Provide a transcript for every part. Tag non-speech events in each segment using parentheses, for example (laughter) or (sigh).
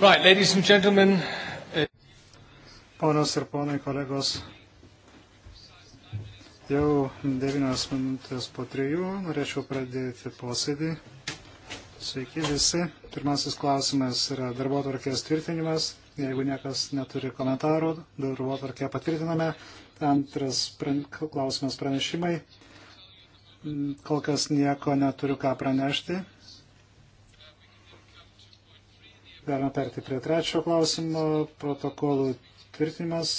Right, ladies and gentlemen. Uh, Ponios ir ponai, kolegos, jau 9 minutės po 3 norėčiau pradėti posėdį. Sveiki visi. Pirmasis klausimas yra darbo tvarkės tvirtinimas. Jeigu niekas neturi komentarų, darbo tvarkę patvirtiname. Antras pran klausimas pranešimai. Kol kas nieko neturiu ką pranešti. Galime perti prie trečio klausimo. Protokolų tvirtinimas.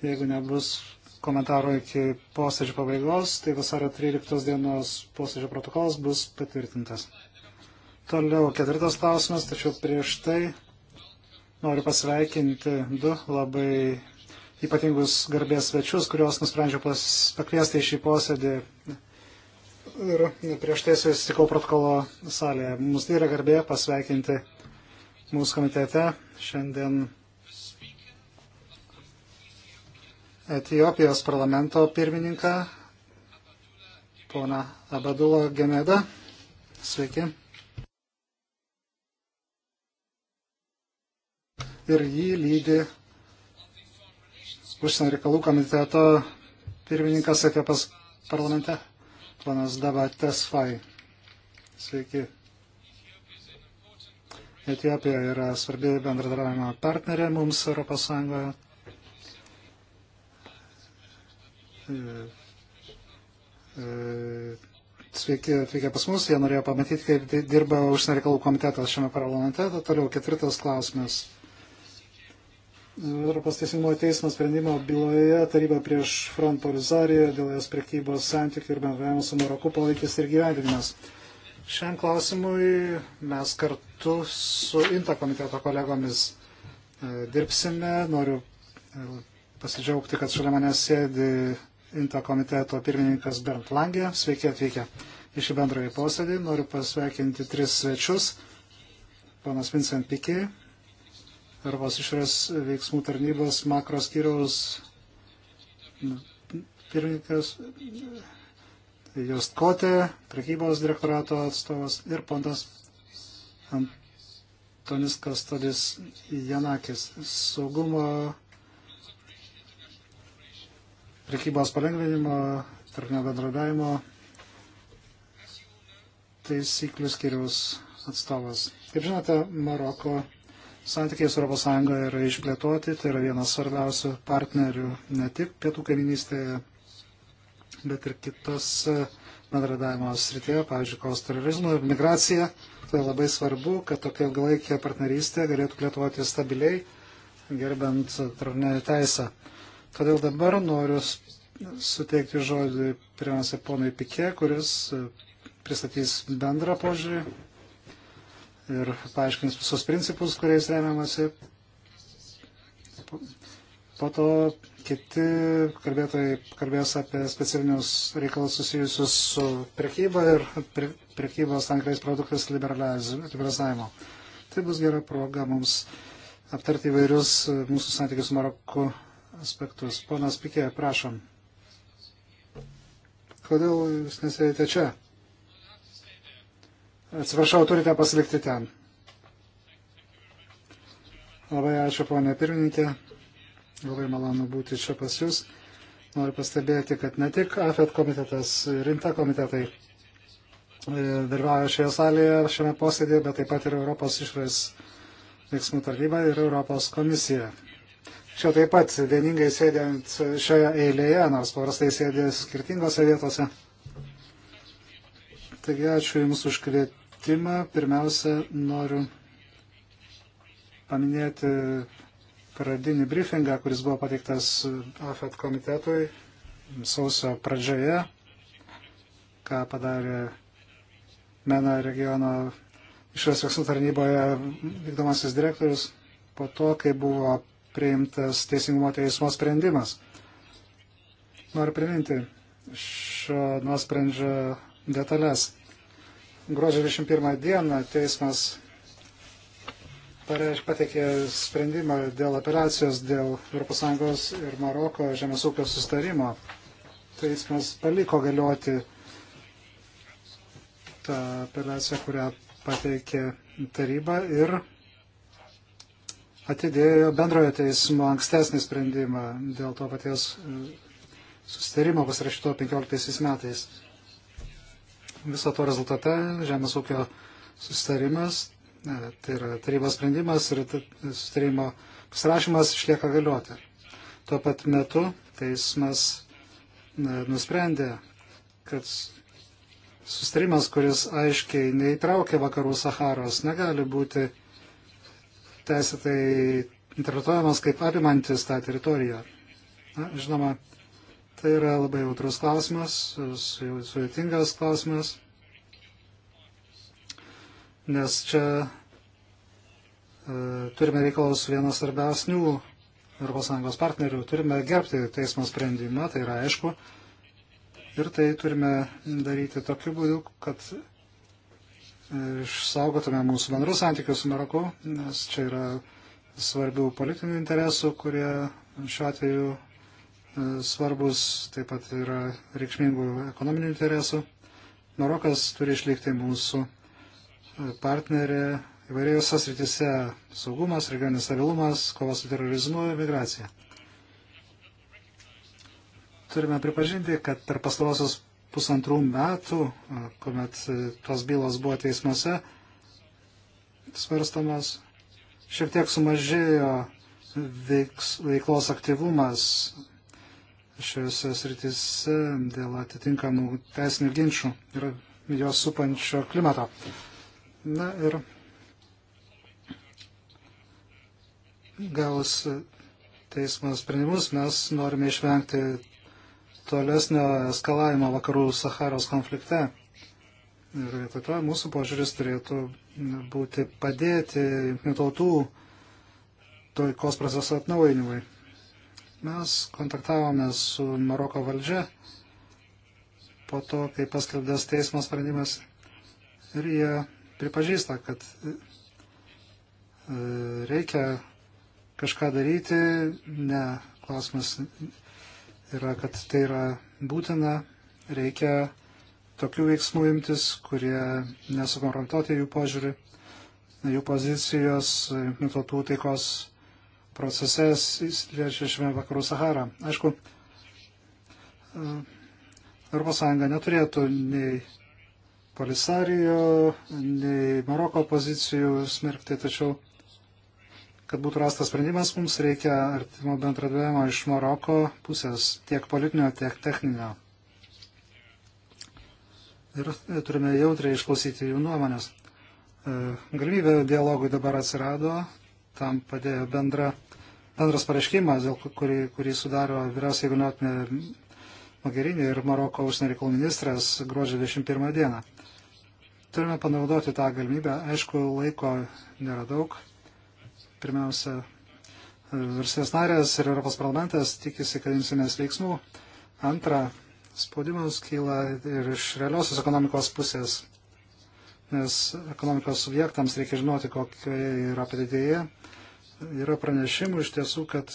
Jeigu nebus komentaro iki posėdžio pabaigos, tai vasario 13 dienos posėdžio protokolas bus patvirtintas. Toliau ketvirtas klausimas, tačiau prieš tai noriu pasveikinti du labai ypatingus garbės svečius, kuriuos nusprendžiau pakviesti į šį posėdį ir prieš tai susitikau protokolo salėje. Mums tai yra garbė pasveikinti mūsų komitete šiandien Etijopijos parlamento pirmininką, pona Abadulo Gemedą. Sveiki. Ir jį lydi užsienio reikalų komiteto pirmininkas Etiopijos parlamente, ponas Davates Fai. Sveiki. Etijopija yra svarbi bendradarbiavimo partnerė mums Europos Sąjungoje. E, e, sveiki atvykę pas mus, jie norėjo pamatyti, kaip dirba užsienio reikalų komitetas šiame parlamente. Toliau ketvirtas klausimas. Europos teisingumo teismo sprendimo byloje taryba prieš Front Polisario dėl jos prekybos santykių ir bendravimo su Maroku palaikys ir gyvendinimas. Šiam klausimui mes kartu su INTA komiteto kolegomis e, dirbsime. Noriu e, pasidžiaugti, kad šalia manęs sėdi INTA komiteto pirmininkas Bernd Langė. Sveiki atvykę į šį bendrąjį posėdį. Noriu pasveikinti tris svečius. Ponas Vincent Pikė, Arvos išorės veiksmų tarnybos makro skyriaus pirmininkas Jostkote, prekybos direktorato atstovas ir pontas Antonis Kastodis Janakis, saugumo prekybos palengvinimo, tarnio bendradavimo taisyklių skiriaus atstovas. Kaip žinote, Maroko santykiai su ES yra išplėtoti, tai yra vienas svarbiausių partnerių ne tik pietų kaiminystėje bet ir kitos e, bendradavimo srityje, pavyzdžiui, kovos terorizmų ir migracija. Tai labai svarbu, kad tokia ilgalaikė partnerystė galėtų plėtoti stabiliai, gerbent tarptautinę teisę. Todėl dabar noriu suteikti žodį pirmiausia ponui Pikė, kuris e, pristatys bendrą požiūrį ir paaiškins visus principus, kuriais remiamasi. Po to kiti kalbėtojai kalbės apie specifinius reikalus susijusius su prekyba ir pre, prekybos tankrais produktais liberalizavimo. Tai bus gera proga mums aptarti įvairius mūsų santykius su Maroku aspektus. Ponas Pikė, prašom. Kodėl jūs nesėdite čia? Atsiprašau, turite pasilikti ten. Labai ačiū, ponė pirmininkė. Labai malonu būti čia pas Jūs. Noriu pastebėti, kad ne tik AFET komitetas, rinta komitetai e, dalyvauja šioje salėje, šiame posėdėje, bet taip pat ir Europos išorės veiksmų tarnyba ir Europos komisija. Čia taip pat vieningai sėdint šioje eilėje, nors paprastai sėdė skirtingose vietose. Taigi ačiū Jums už kvietimą. Pirmiausia, noriu paminėti pradinį briefingą, kuris buvo pateiktas AFET komitetui sausio pradžioje, ką padarė MENA regiono išvės veiksmų tarnyboje vykdomasis direktorius po to, kai buvo priimtas teisingumo teismo sprendimas. Noriu priminti šio nuosprendžio detalės. Gruodžio 21 dieną teismas pateikė sprendimą dėl apeliacijos dėl ES ir Maroko žemės ūkio sustarimo. Teismas tai paliko galioti tą apeliaciją, kurią pateikė taryba ir atidėjo bendrojo teismo ankstesnį sprendimą dėl to paties e, sustarimo pasirašyto 15 metais. Viso to rezultate žemės ūkio sustarimas tai yra tarybos sprendimas ir sustarimo pasirašymas išlieka galioti. Tuo pat metu teismas nusprendė, kad sustarimas, kuris aiškiai neįtraukia vakarų Saharos, negali būti teisėtai interpretuojamas kaip apimantis tą teritoriją. Na, žinoma, tai yra labai jautrus klausimas, sudėtingas klausimas nes čia e, turime reikalos vienas svarbiausių ES partnerių, turime gerbti teismo sprendimą, tai yra aišku, ir tai turime daryti tokiu būdu, kad e, išsaugotume mūsų bendrus santykius su Maroku, nes čia yra svarbių politinių interesų, kurie šiuo atveju e, svarbus, taip pat yra reikšmingų ekonominių interesų. Marokas turi išlikti mūsų partnerė įvairiausiose srityse - saugumas, regioninis stabilumas, kovas su terorizmu ir migracija. Turime pripažinti, kad per pastarosius pusantrų metų, kuomet e, tos bylos buvo teismuose svarstamas, šiek tiek sumažėjo veiks, veiklos aktyvumas šiuose srityse dėl atitinkamų teisinių ginčių ir jos supančio klimato. Na ir gavus teismo sprendimus mes norime išvengti tolesnio eskalavimo vakarų Saharos konflikte. Ir vietoj to mūsų požiūris turėtų būti padėti jungtinių tautų taikos proceso atnaujinimui. Mes kontaktavome su Maroko valdžia po to, kai paskelbtas teismo sprendimas ir jie pripažįsta, kad e, reikia kažką daryti, ne, klausimas yra, kad tai yra būtina, reikia tokių veiksmų imtis, kurie nesukompromituoti jų požiūrį, jų pozicijos, jungtinių tautų taikos proceses įsiliečiame vakarų Saharą. Aišku, ES neturėtų nei Polisarijo, nei Maroko pozicijų smerkti, tačiau, kad būtų rastas sprendimas, mums reikia artimo bendradavimo iš Maroko pusės, tiek politinio, tiek techninio. Ir e, turime jautriai išklausyti jų nuomonės. E, galimybė dialogui dabar atsirado, tam padėjo bendra, bendras pareiškimas, kurį, kurį sudaro vyriausiai įgaliotinė Mogherini ir Maroko užsienio reikalų ministras gruodžio 21 dieną. Turime panaudoti tą galimybę. Aišku, laiko nėra daug. Pirmiausia, Varsės narės ir Europos parlamentas tikisi, kad imsimės veiksmų. Antra, spaudimas kyla ir iš realiosios ekonomikos pusės, nes ekonomikos subjektams reikia žinoti, kokia yra padėtėje. Yra pranešimų iš tiesų, kad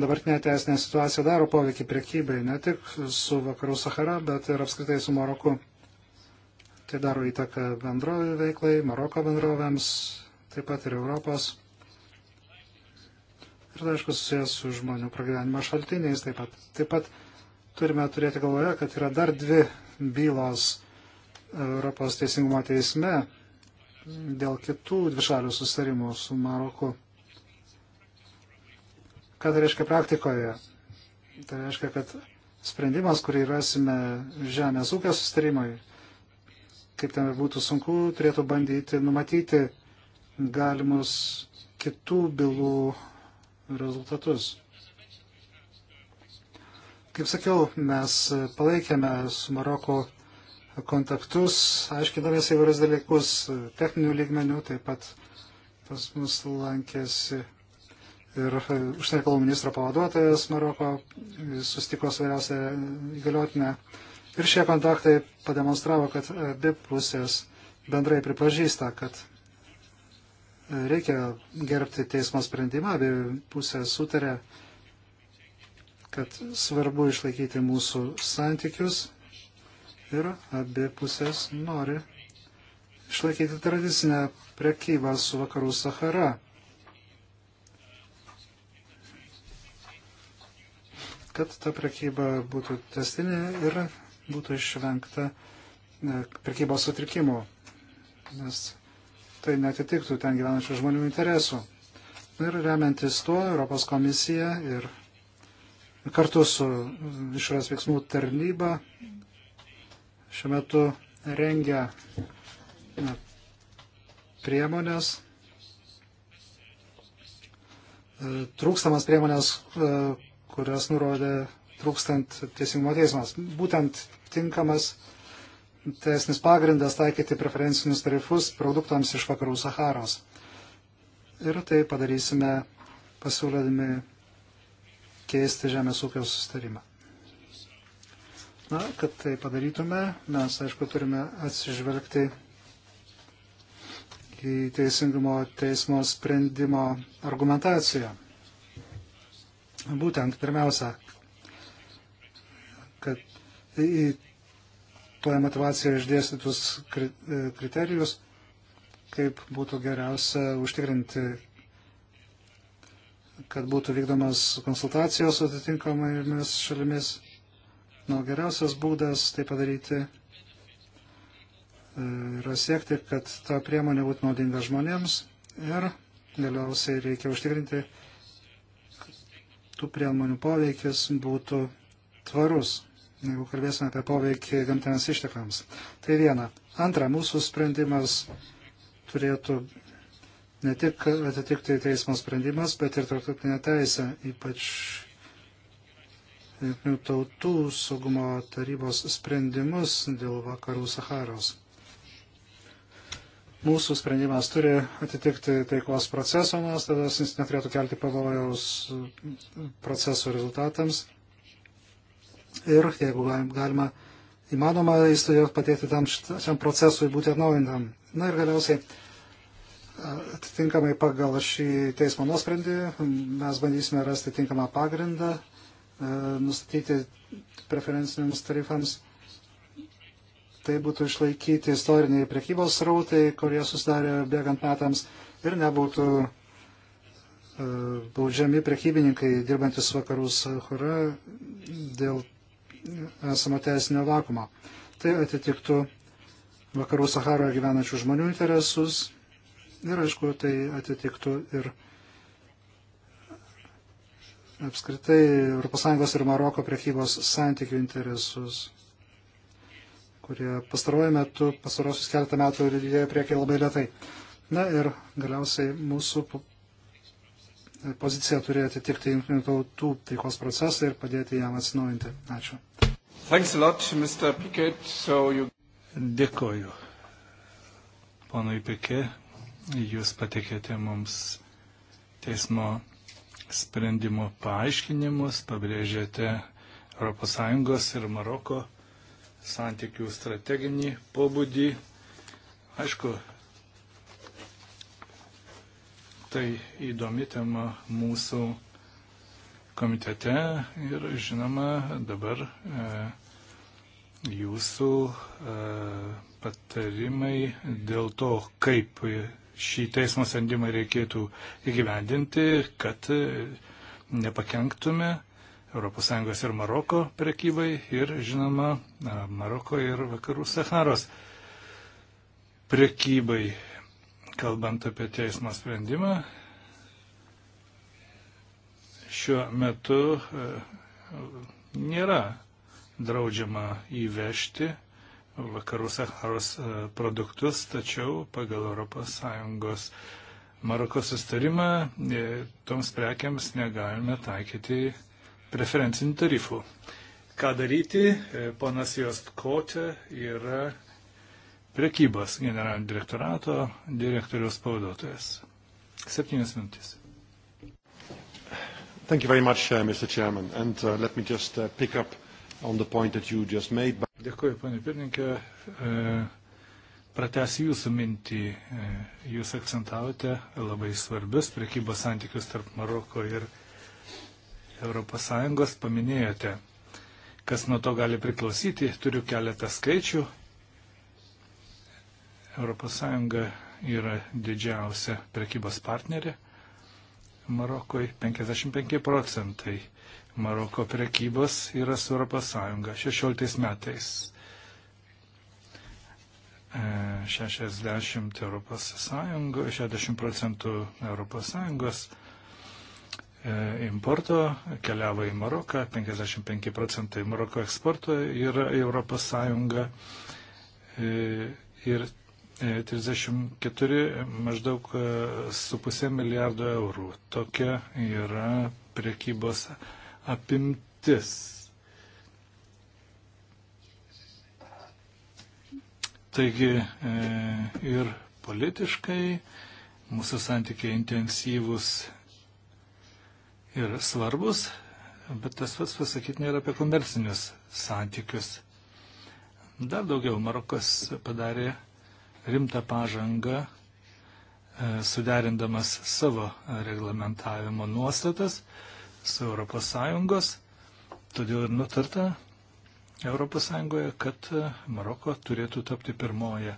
dabartinė teisinė situacija daro poveikį priekybai ne tik su Vakarų Sahara, bet ir apskritai su Maroku. Tai daro įtaką bendrovių veiklai, Maroko bendrovėms, taip pat ir Europos. Ir tai aišku susijęs su žmonių pragyvenimo šaltiniais taip pat. Taip pat turime turėti galvoje, kad yra dar dvi bylos Europos teisingumo teisme dėl kitų dvišalių susitarimų su Maroku. Ką tai reiškia praktikoje? Tai reiškia, kad sprendimas, kurį rasime žemės ūkio sustarimui, kaip ten būtų sunku, turėtų bandyti numatyti galimus kitų bylų rezultatus. Kaip sakiau, mes palaikėme su Maroku kontaktus, aiškindamės įvairius dalykus techninių lygmenių, taip pat pas mus lankėsi ir užsienio reikalų ministro pavaduotojas Maroko sustiko svarbiausia įgaliotinę. Ir šie kontaktai pademonstravo, kad abi pusės bendrai pripažįsta, kad reikia gerbti teismo sprendimą, abi pusės sutarė, kad svarbu išlaikyti mūsų santykius ir abi pusės nori išlaikyti tradicinę prekybą su vakarų Sahara kad ta prekyba būtų testinė ir būtų išvengta e, prekybos sutrikimų, nes tai netitiktų ten gyvenančių žmonių interesų. Ir remiantis tuo, Europos komisija ir kartu su išorės veiksmų tarnyba šiuo metu rengia priemonės, e, trūkstamas priemonės, e, kurias nurodė trūkstant teisingumo teismas. Būtent tinkamas teisinis pagrindas taikyti preferencinius tarifus produktams iš vakarų Saharos. Ir tai padarysime pasiūlydami keisti žemės ūkio sustarimą. Na, kad tai padarytume, mes, aišku, turime atsižvelgti į teisingumo teismo sprendimo argumentaciją būtent pirmiausia, kad į toje motivacijoje išdėstytus e, kriterijus, kaip būtų geriausia užtikrinti, kad būtų vykdomas konsultacijos su atitinkamomis šalimis. Nu, geriausias būdas tai padaryti e, yra siekti, kad ta priemonė būtų naudinga žmonėms ir galiausiai reikia užtikrinti, tų priemonių poveikis būtų tvarus, jeigu kalbėsime apie poveikį gamtiniams ištekams. Tai viena. Antra, mūsų sprendimas turėtų ne tik atitikti teismo sprendimas, bet ir tarptautinė teisė, ypač Junktinių tautų saugumo tarybos sprendimus dėl vakarų Saharos mūsų sprendimas turi atitikti taikos proceso nuostatas, jis neturėtų kelti pavojaus proceso rezultatams. Ir jeigu galima, įmanoma, jis turėtų pateikti tam šiam procesui būti atnaujintam. Na ir galiausiai, atitinkamai pagal šį teismo nuosprendį, mes bandysime rasti tinkamą pagrindą, nustatyti preferenciniams tarifams tai būtų išlaikyti istoriniai prekybos rautai, kurie susidarė bėgant metams ir nebūtų e, baudžiami prekybininkai dirbantis vakarų Sahara dėl esamo teisinio vakumo. Tai atitiktų vakarų Saharoje gyvenančių žmonių interesus ir, aišku, tai atitiktų ir apskritai ES ir Maroko prekybos santykių interesus kurie pastaruoju metu, pastarosius keletą metų didėja priekiai labai lietai. Na ir galiausiai mūsų pozicija turi atitikti jungtinių tautų taikos procesą ir padėti jam atsinaujinti. Ačiū. Lot, Pickett, so you... Dėkoju. Ponui Pikė, jūs patikėte mums teismo sprendimo paaiškinimus, pabrėžėte ES ir Maroko santykių strateginį pobūdį. Aišku, tai įdomi tema mūsų komitete ir žinoma dabar e, jūsų e, patarimai dėl to, kaip šį teismo sprendimą reikėtų įgyvendinti, kad e, nepakenktume e, ES ir Maroko prekybai ir, žinoma, Maroko ir Vakarų Saharos prekybai. Kalbant apie teismo sprendimą, šiuo metu e, nėra draudžiama įvežti vakarų Saharos e, produktus, tačiau pagal ES Maroko sustarimą e, toms prekiams negalime taikyti preferencinių tarifų. Ką daryti? E, ponas Jostkotė yra prekybos generalinio direktorato direktoriaus pavaduotojas. Septynios mintis. Thank you very much, uh, Mr. Chairman. And uh, let me just uh, pick up on the point that you just made. But... Dėkuoju, panė pirmininkė. E, pratęsiu jūsų mintį. E, jūs akcentavote labai svarbius prekybos santykius tarp Maroko ir Maroko ES paminėjote. Kas nuo to gali priklausyti, turiu keletą skaičių. ES yra didžiausia prekybos partnerė. Marokoj 55 procentai Maroko prekybos yra su ES 16 metais. 60, e, Europos Sąjungo, 60 procentų ES importo keliavo į Maroką, 55 procentai Maroko eksporto yra Europos Sąjunga e, ir 34 e, maždaug e, su pusė milijardo eurų. Tokia yra priekybos apimtis. Taigi ir politiškai mūsų santykiai intensyvus ir svarbus, bet tas pats pasakytina ir apie komercinius santykius. Dar daugiau Marokas padarė rimtą pažangą, e, suderindamas savo reglamentavimo nuostatas su ES, todėl ir nutarta ES, kad e, Maroko turėtų tapti pirmoje,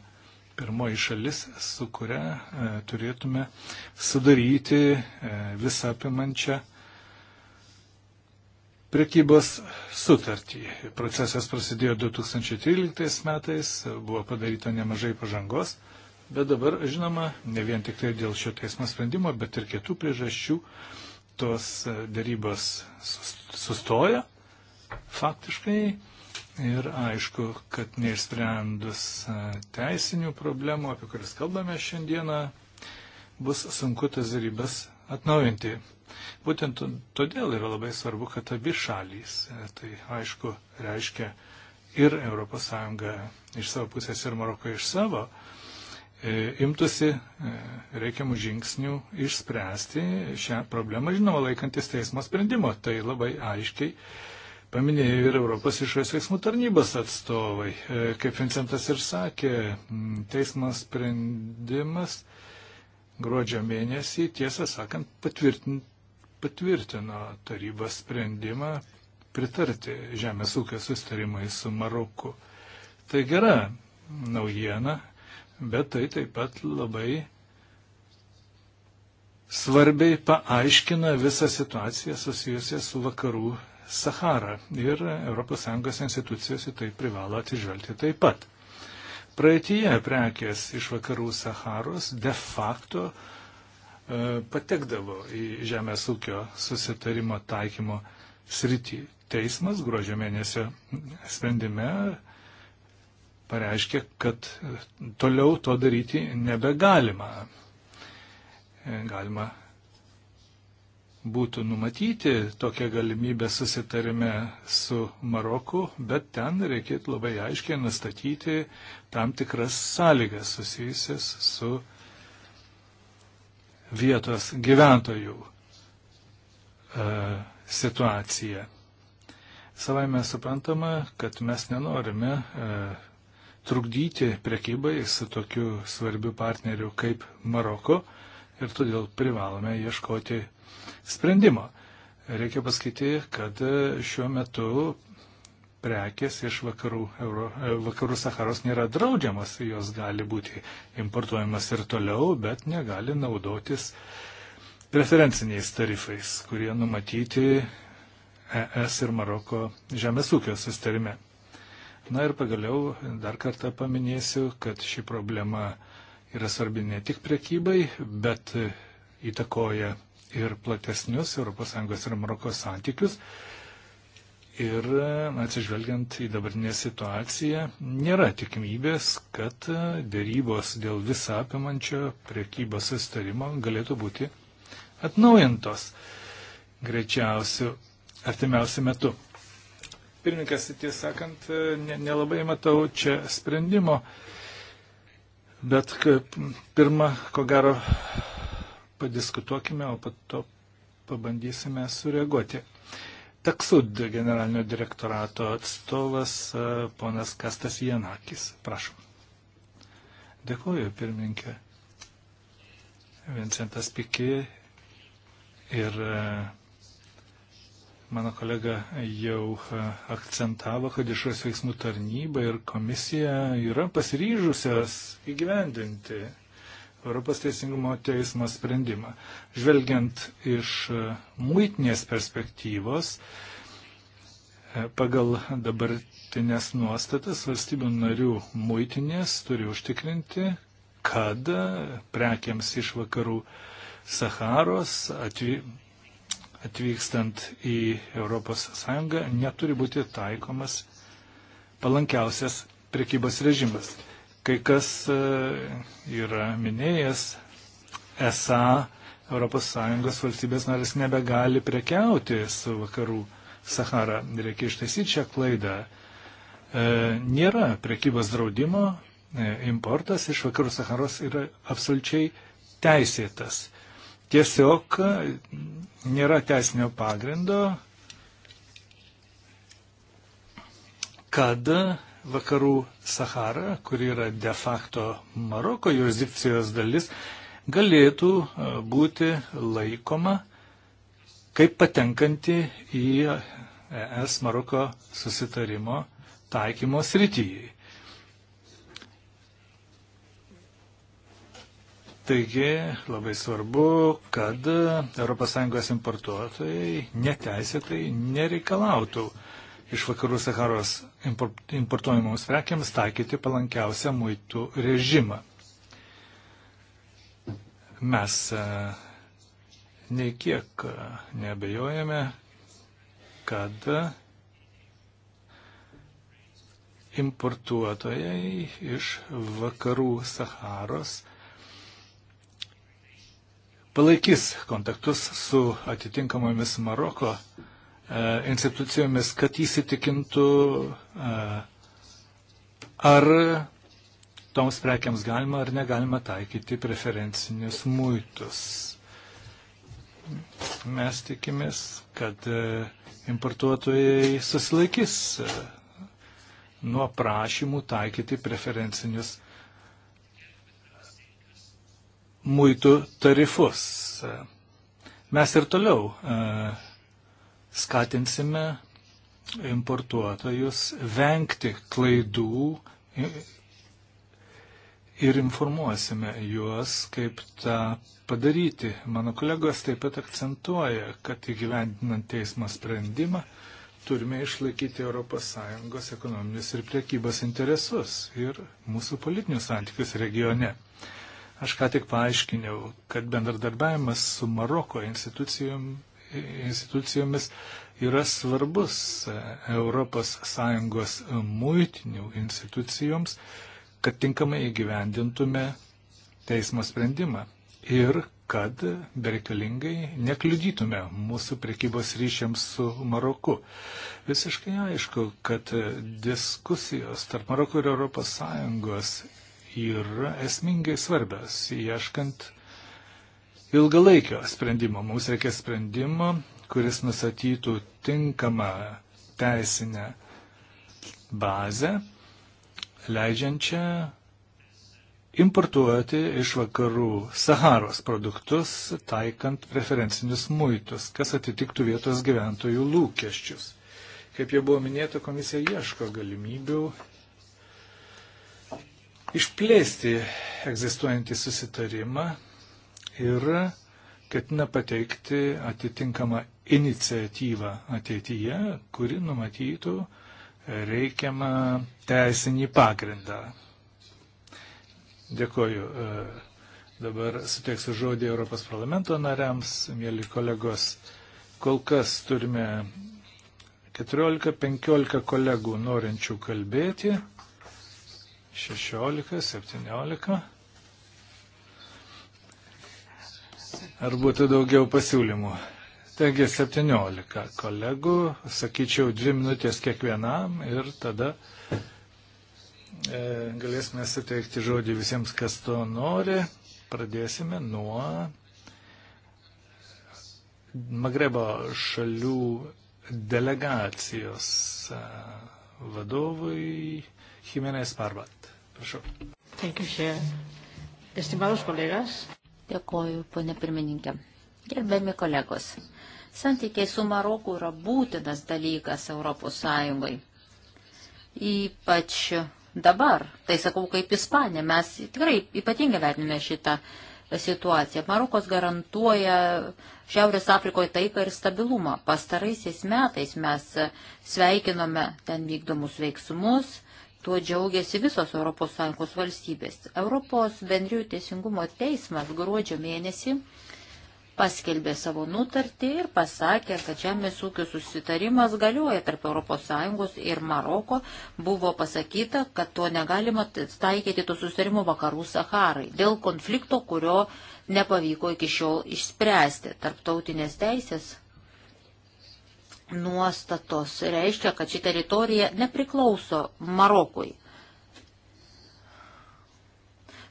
pirmoji šalis, su kuria e, turėtume sudaryti visą apimančią prekybos sutartį. Procesas prasidėjo 2013 metais, buvo padaryta nemažai pažangos, bet dabar, žinoma, ne vien tik tai dėl šio teismo sprendimo, bet ir kitų priežasčių tos darybos sustoja faktiškai ir aišku, kad neišsprendus teisinių problemų, apie kurias kalbame šiandieną, bus sunku tas darybas atnaujinti. Būtent todėl yra labai svarbu, kad abi šalys, tai aišku, reiškia ir ES iš savo pusės ir Maroko iš savo, e, imtųsi e, reikiamų žingsnių išspręsti šią problemą, žinoma, laikantis teismo sprendimo. Tai labai aiškiai paminėjo ir Europos išorės veiksmų tarnybos atstovai. E, kaip Vincentas ir sakė, teismo sprendimas gruodžio mėnesį, tiesą sakant, patvirtin, patvirtino tarybos sprendimą pritarti žemės ūkio sustarimai su Maroku. Tai gera naujiena, bet tai taip pat labai svarbiai paaiškina visą situaciją susijusią su vakarų Sahara ir ES institucijos į tai privalo atsižvelgti taip pat. Praeitie prekės iš vakarų Saharos de facto e, patekdavo į žemės ūkio susitarimo taikymo sritį. Teismas gruodžio mėnesio sprendime pareiškė, kad toliau to daryti nebegalima. E, galima būtų numatyti tokią galimybę susitarime su Maroku, bet ten reikėtų labai aiškiai nustatyti tam tikras sąlygas susijusias su vietos gyventojų e, situacija. Savai mes suprantame, kad mes nenorime e, trukdyti prekybai su tokiu svarbiu partneriu kaip Maroku ir todėl privalome ieškoti sprendimo. Reikia pasakyti, kad šiuo metu prekės iš vakarų, Euro, e, vakarų Saharos nėra draudžiamas, jos gali būti importuojamas ir toliau, bet negali naudotis preferenciniais tarifais, kurie numatyti ES ir Maroko žemės ūkio sustarime. Na ir pagaliau dar kartą paminėsiu, kad ši problema yra svarbi ne tik prekybai, bet įtakoja ir platesnius ES ir Marokos santykius. Ir e, atsižvelgiant į dabartinę situaciją, nėra tikimybės, kad e, dėrybos dėl visą apimančio priekybos sustarimo galėtų būti atnaujintos greičiausių artimiausių metų. Pirmininkas, tiesą sakant, e, nelabai matau čia sprendimo, bet pirma, ko gero, padiskutuokime, o po to pabandysime sureaguoti. Taksud generalinio direktorato atstovas e, ponas Kastas Janakis. Prašom. Dėkuoju, pirmininkė. Vincentas Piki ir e, mano kolega jau e, akcentavo, kad išorės veiksmų tarnyba ir komisija yra pasiryžusios įgyvendinti Europos teisingumo teismo sprendimą. Žvelgiant iš e, muitinės perspektyvos, e, pagal dabartinės nuostatas valstybių narių muitinės turi užtikrinti, kad prekiams iš vakarų Saharos atvy, atvykstant į ES neturi būti taikomas palankiausias prekybos režimas. Kai kas e, yra minėjęs, esą ES valstybės narės nebegali prekiauti su vakarų Sahara. Reikia ištaisyti šią klaidą. E, nėra prekybos draudimo, e, importas iš vakarų Saharos yra absoliučiai teisėtas. Tiesiog nėra teisinio pagrindo, kad vakarų Sahara, kuri yra de facto Maroko jurisdikcijos dalis, galėtų e, būti laikoma kaip patenkanti į ES Maroko susitarimo taikymo srityjai. Taigi labai svarbu, kad ES importuotojai neteisėtai nereikalautų uh, iš vakarų Saharos importuojamoms prekiams taikyti palankiausią muitų režimą. Mes e, nei kiek e, nebejojame, kad e, importuotojai iš vakarų Saharos palaikys kontaktus su atitinkamomis Maroko E, institucijomis, kad įsitikintų, e, ar toms prekiams galima ar negalima taikyti preferencinius muitus. Mes tikimės, kad e, importuotojai susilaikys nuo prašymų taikyti preferencinius muitų tarifus. Mes ir toliau skatinsime importuotojus vengti klaidų ir informuosime juos, kaip tą padaryti. Mano kolegos taip pat akcentuoja, kad įgyvendinant teismo sprendimą turime išlaikyti ES ekonominius ir priekybos interesus ir mūsų politinius santykius regione. Aš ką tik paaiškiniau, kad bendradarbiavimas su Maroko institucijom institucijomis yra svarbus ES muitinių institucijoms, kad tinkamai įgyvendintume teismo sprendimą ir kad bereikalingai nekliudytume mūsų prekybos ryšiams su Maroku. Visiškai aišku, kad diskusijos tarp Maroko ir ES yra esmingai svarbios, ieškant ilgalaikio sprendimo. Mums reikia sprendimo, kuris nusatytų tinkamą teisinę bazę, leidžiančią importuoti iš vakarų Saharos produktus, taikant preferencinius muitus, kas atitiktų vietos gyventojų lūkesčius. Kaip jau buvo minėta, komisija ieško galimybių išplėsti egzistuojantį susitarimą ir ketina pateikti atitinkamą iniciatyvą ateityje, kuri numatytų reikiamą teisinį pagrindą. Dėkoju. E, dabar suteiksiu žodį Europos parlamento nariams, mėly kolegos. Kol kas turime 14-15 kolegų norinčių kalbėti. 16, 17. Ar būtų daugiau pasiūlymų? Taigi 17 kolegų, sakyčiau, 2 minutės kiekvienam ir tada e, galėsime suteikti žodį visiems, kas to nori. Pradėsime nuo Magrebo šalių delegacijos e, vadovui Jiménez Parbat. Prašau. Thank you, Chair. Estimados kolegas. Dėkoju, ponė pirmininkė. Gerbiami kolegos, santykiai su Maroku yra būtinas dalykas Europos Sąjungai. Ypač dabar, tai sakau kaip Ispanė, mes tikrai ypatingai vertiname šitą situaciją. Marokos garantuoja Šiaurės Afrikoje taiką ir stabilumą. Pastaraisiais metais mes sveikinome ten vykdomus veiksmus, Tuo džiaugiasi visos ES valstybės. Europos bendrių teisingumo teismas gruodžio mėnesį paskelbė savo nutartį ir pasakė, kad žemės ūkio susitarimas galioja tarp ES ir Maroko. Buvo pasakyta, kad to negalima taikyti to susitarimo vakarų Saharai dėl konflikto, kurio nepavyko iki šiol išspręsti. Tarptautinės teisės nuostatos reiškia, kad ši teritorija nepriklauso Marokui.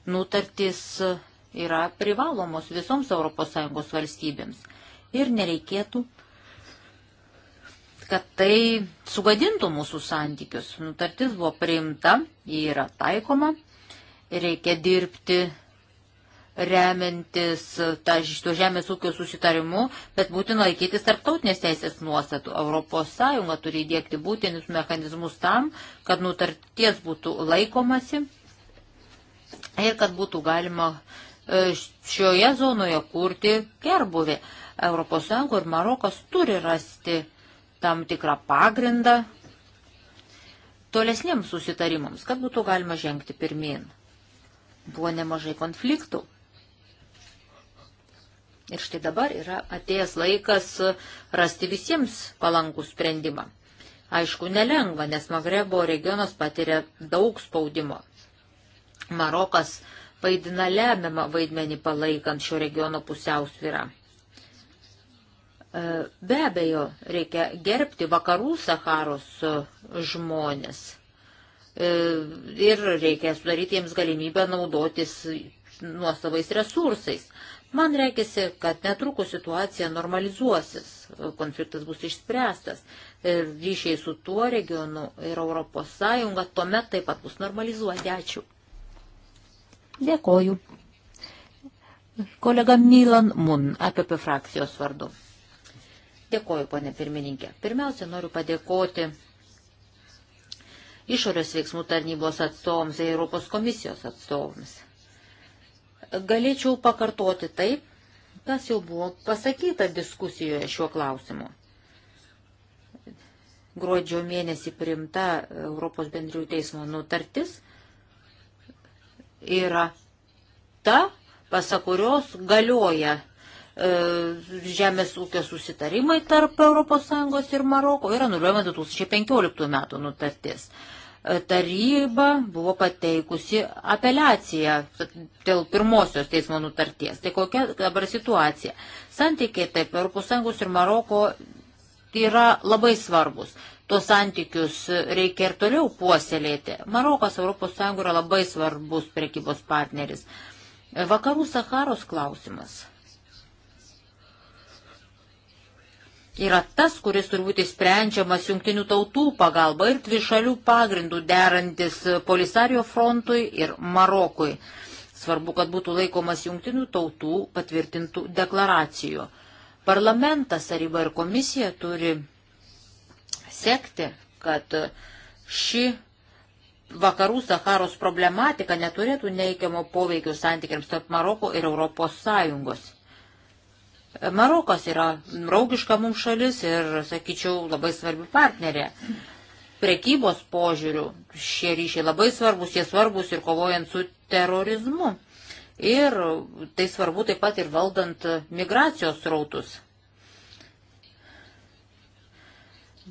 Nutartys yra privalomos visoms ES valstybėms ir nereikėtų, kad tai sugadintų mūsų santykius. Nutartis buvo priimta, ji yra taikoma, reikia dirbti remiantis šito žemės ūkio susitarimu, bet būtina laikytis tarptautinės teisės nuostatų. ES turi įdėkti būtinus mechanizmus tam, kad nutarties būtų laikomasi ir kad būtų galima e, šioje zonoje kurti gerbuvį. ES ir Marokas turi rasti tam tikrą pagrindą tolesniems susitarimams, kad būtų galima žengti pirmin. Buvo nemažai konfliktų Ir štai dabar yra atėjęs laikas rasti visiems palankų sprendimą. Aišku, nelengva, nes Magrebo regionas patiria daug spaudimo. Marokas vaidina lemiamą vaidmenį palaikant šio regiono pusiausvyrą. E, be abejo, reikia gerbti vakarų Saharos žmonės e, ir reikia sudaryti jiems galimybę naudotis nuosavais resursais. Man reikiasi, kad netrukus situacija normalizuosis, konfliktas bus išspręstas ir e, ryšiai su tuo regionu ir Europos Sąjunga tuomet taip pat bus normalizuoti. Ačiū. Dėkoju. Kolega Milan Mun, APP frakcijos vardu. Dėkoju, ponė pirmininkė. Pirmiausia, noriu padėkoti išorės veiksmų tarnybos atstovams ir Europos komisijos atstovams. Galėčiau pakartoti taip, kas jau buvo pasakyta diskusijoje šiuo klausimu. Gruodžio mėnesį priimta Europos bendrių teismo nutartis yra ta, pasak kurios galioja e, žemės ūkio susitarimai tarp ES ir Maroko yra nuliuojama 2015 metų nutartis taryba buvo pateikusi apeliaciją dėl pirmosios teismo nutarties. Tai kokia dabar situacija? Santykiai taip ES ir Maroko yra labai svarbus. Tuos santykius reikia ir toliau puoselėti. Marokas ES yra labai svarbus prekybos partneris. Vakarų Saharos klausimas. yra tas, kuris turi būti sprendžiamas jungtinių tautų pagalba ir dvišalių pagrindų derantis Polisario frontui ir Marokui. Svarbu, kad būtų laikomas jungtinių tautų patvirtintų deklaracijų. Parlamentas, taryba ir komisija turi sekti, kad ši vakarų Saharos problematika neturėtų neigiamo poveikio santykiams tarp Maroko ir Europos Sąjungos. Marokas yra draugiška mums šalis ir, sakyčiau, labai svarbi partnerė. Prekybos požiūrių šie ryšiai labai svarbus, jie svarbus ir kovojant su terorizmu. Ir tai svarbu taip pat ir valdant migracijos rautus.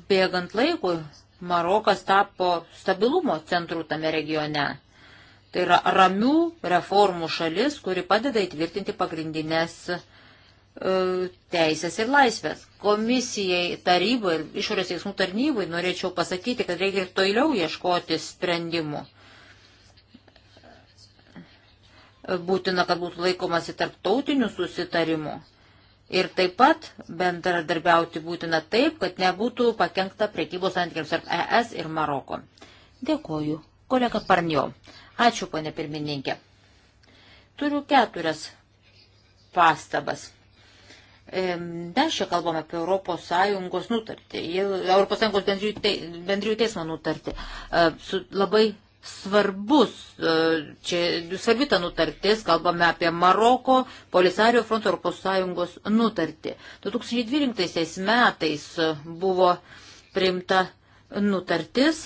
Bėgant laikui, Marokas tapo stabilumo centrų tame regione. Tai yra ramių reformų šalis, kuri padeda įtvirtinti pagrindinės E, teisės ir laisvės. Komisijai, tarybai ir išorės teismų tarnybai norėčiau pasakyti, kad reikia ir toliau ieškoti sprendimų. Būtina, kad būtų laikomasi tarptautinių susitarimų. Ir taip pat bendradarbiauti būtina taip, kad nebūtų pakengta priekybos santykiams tarp ES ir Maroko. Dėkoju. Kolega Parnio. Ačiū, ponė pirmininkė. Turiu keturias pastabas. Dar čia kalbame apie Europos Sąjungos nutartį, Europos Sąjungos bendrijų, te, bendrijų teismo nutartį. E, su labai svarbus, e, čia svarbi ta nutartis, kalbame apie Maroko, Polisario fronto Europos Sąjungos nutartį. 2012 metais buvo priimta nutartis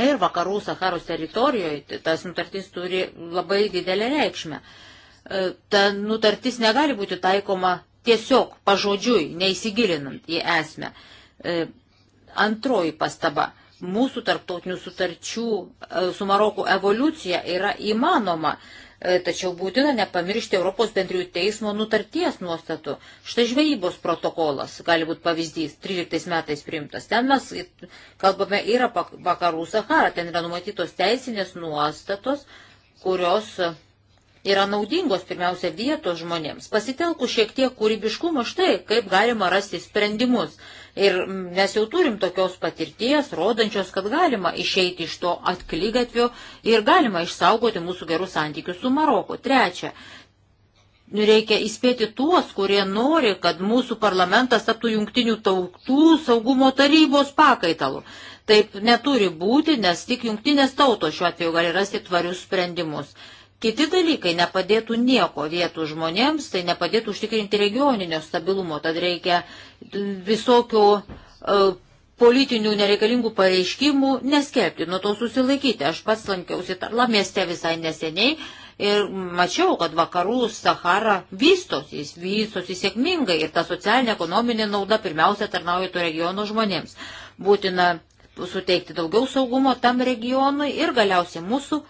ir vakarų Saharos teritorijoje tas nutartis turi labai didelę reikšmę e, ta nutartis negali būti taikoma tiesiog pažodžiui, neįsigilinant į esmę. E, antroji pastaba. Mūsų tarptautinių sutarčių e, su Maroku evoliucija yra įmanoma, e, tačiau būtina nepamiršti Europos bendrių teismo nutarties nuostatų. Štai žvejybos protokolas gali būti pavyzdys, 13 metais priimtas. Ten mes kalbame ir apie vakarų Saharą, ten yra numatytos teisinės nuostatos, kurios yra naudingos pirmiausia vietos žmonėms. Pasitelkus šiek tiek kūrybiškumo štai, kaip galima rasti sprendimus. Ir mes jau turim tokios patirties, rodančios, kad galima išeiti iš to atklygatvio ir galima išsaugoti mūsų gerus santykius su Maroku. Trečia, nu, reikia įspėti tuos, kurie nori, kad mūsų parlamentas taptų jungtinių tautų saugumo tarybos pakaitalu. Taip neturi būti, nes tik jungtinės tautos šiuo atveju gali rasti tvarius sprendimus. Kiti dalykai nepadėtų nieko vietų žmonėms, tai nepadėtų užtikrinti regioninio stabilumo, tad reikia visokių uh, e, politinių nereikalingų pareiškimų neskelbti, nuo to susilaikyti. Aš pats lankiausi Tarla mieste visai neseniai ir mačiau, kad vakarų Sahara vystosi, vystosi sėkmingai ir ta socialinė ekonominė nauda pirmiausia tarnauja to regiono žmonėms. Būtina suteikti daugiau saugumo tam regionui ir galiausiai mūsų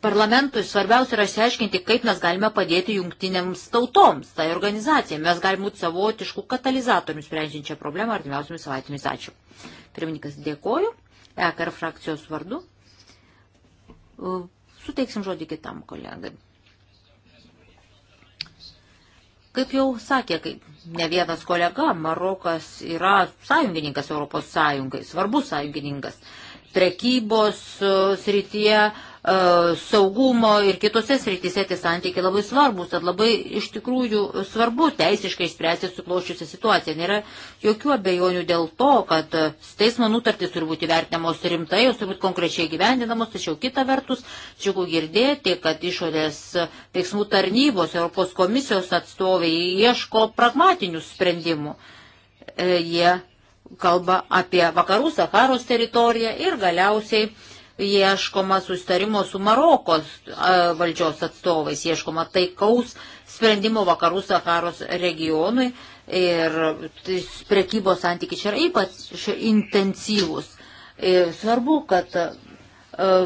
parlamentui svarbiausia yra išsiaiškinti, kaip mes galime padėti jungtinėms tautoms, tai organizacijai. Mes galime būti savotiškų katalizatorių sprendžiančią problemą artimiausiamis savaitėmis. Ačiū. Pirmininkas, dėkoju. EKR frakcijos vardu. Suteiksim žodį kitam kolegai. Kaip jau sakė, kaip ne vienas kolega, Marokas yra sąjungininkas Europos Sąjungai, svarbus sąjungininkas. Prekybos e, srityje uh, E, saugumo ir kitose srityse tie santykiai labai svarbus, tad labai iš tikrųjų svarbu teisiškai išspręsti sukloščiusią situaciją. Nėra jokių abejonių dėl to, kad teismo nutartys turi būti vertinamos rimtai, jos turi būti konkrečiai gyvendinamos, tačiau kita vertus, džiugu girdėti, kad išorės veiksmų tarnybos Europos komisijos atstovai ieško pragmatinių sprendimų. E, jie kalba apie vakarų Saharos teritoriją ir galiausiai ieškoma sustarimo su Marokos valdžios atstovais, ieškoma taikaus sprendimo vakarų Saharos regionui ir prekybos santykiai čia yra ypač intensyvus. Ir e, svarbu, kad e,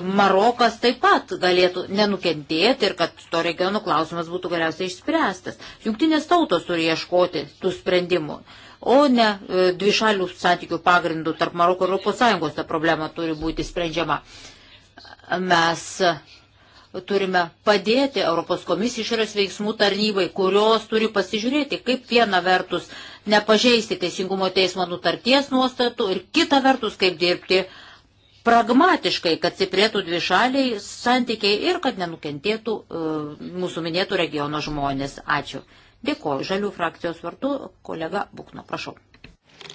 Marokas taip pat galėtų nenukentėti ir kad to regionų klausimas būtų galiausiai išspręstas. Jungtinės tautos turi ieškoti tų sprendimų o ne e, dvišalių santykių pagrindų tarp Maroko ir Europos Sąjungos ta problema turi būti sprendžiama. Mes turime padėti Europos komisijos išorės veiksmų tarnybai, kurios turi pasižiūrėti, kaip viena vertus nepažeisti teisingumo teismo nutarties nuostatų ir kita vertus, kaip dirbti pragmatiškai, kad stiprėtų dvišaliai santykiai ir kad nenukentėtų e, mūsų minėtų regiono žmonės. Ačiū. Dėkoju. Žalių frakcijos vardu kolega Bukno. Prašau.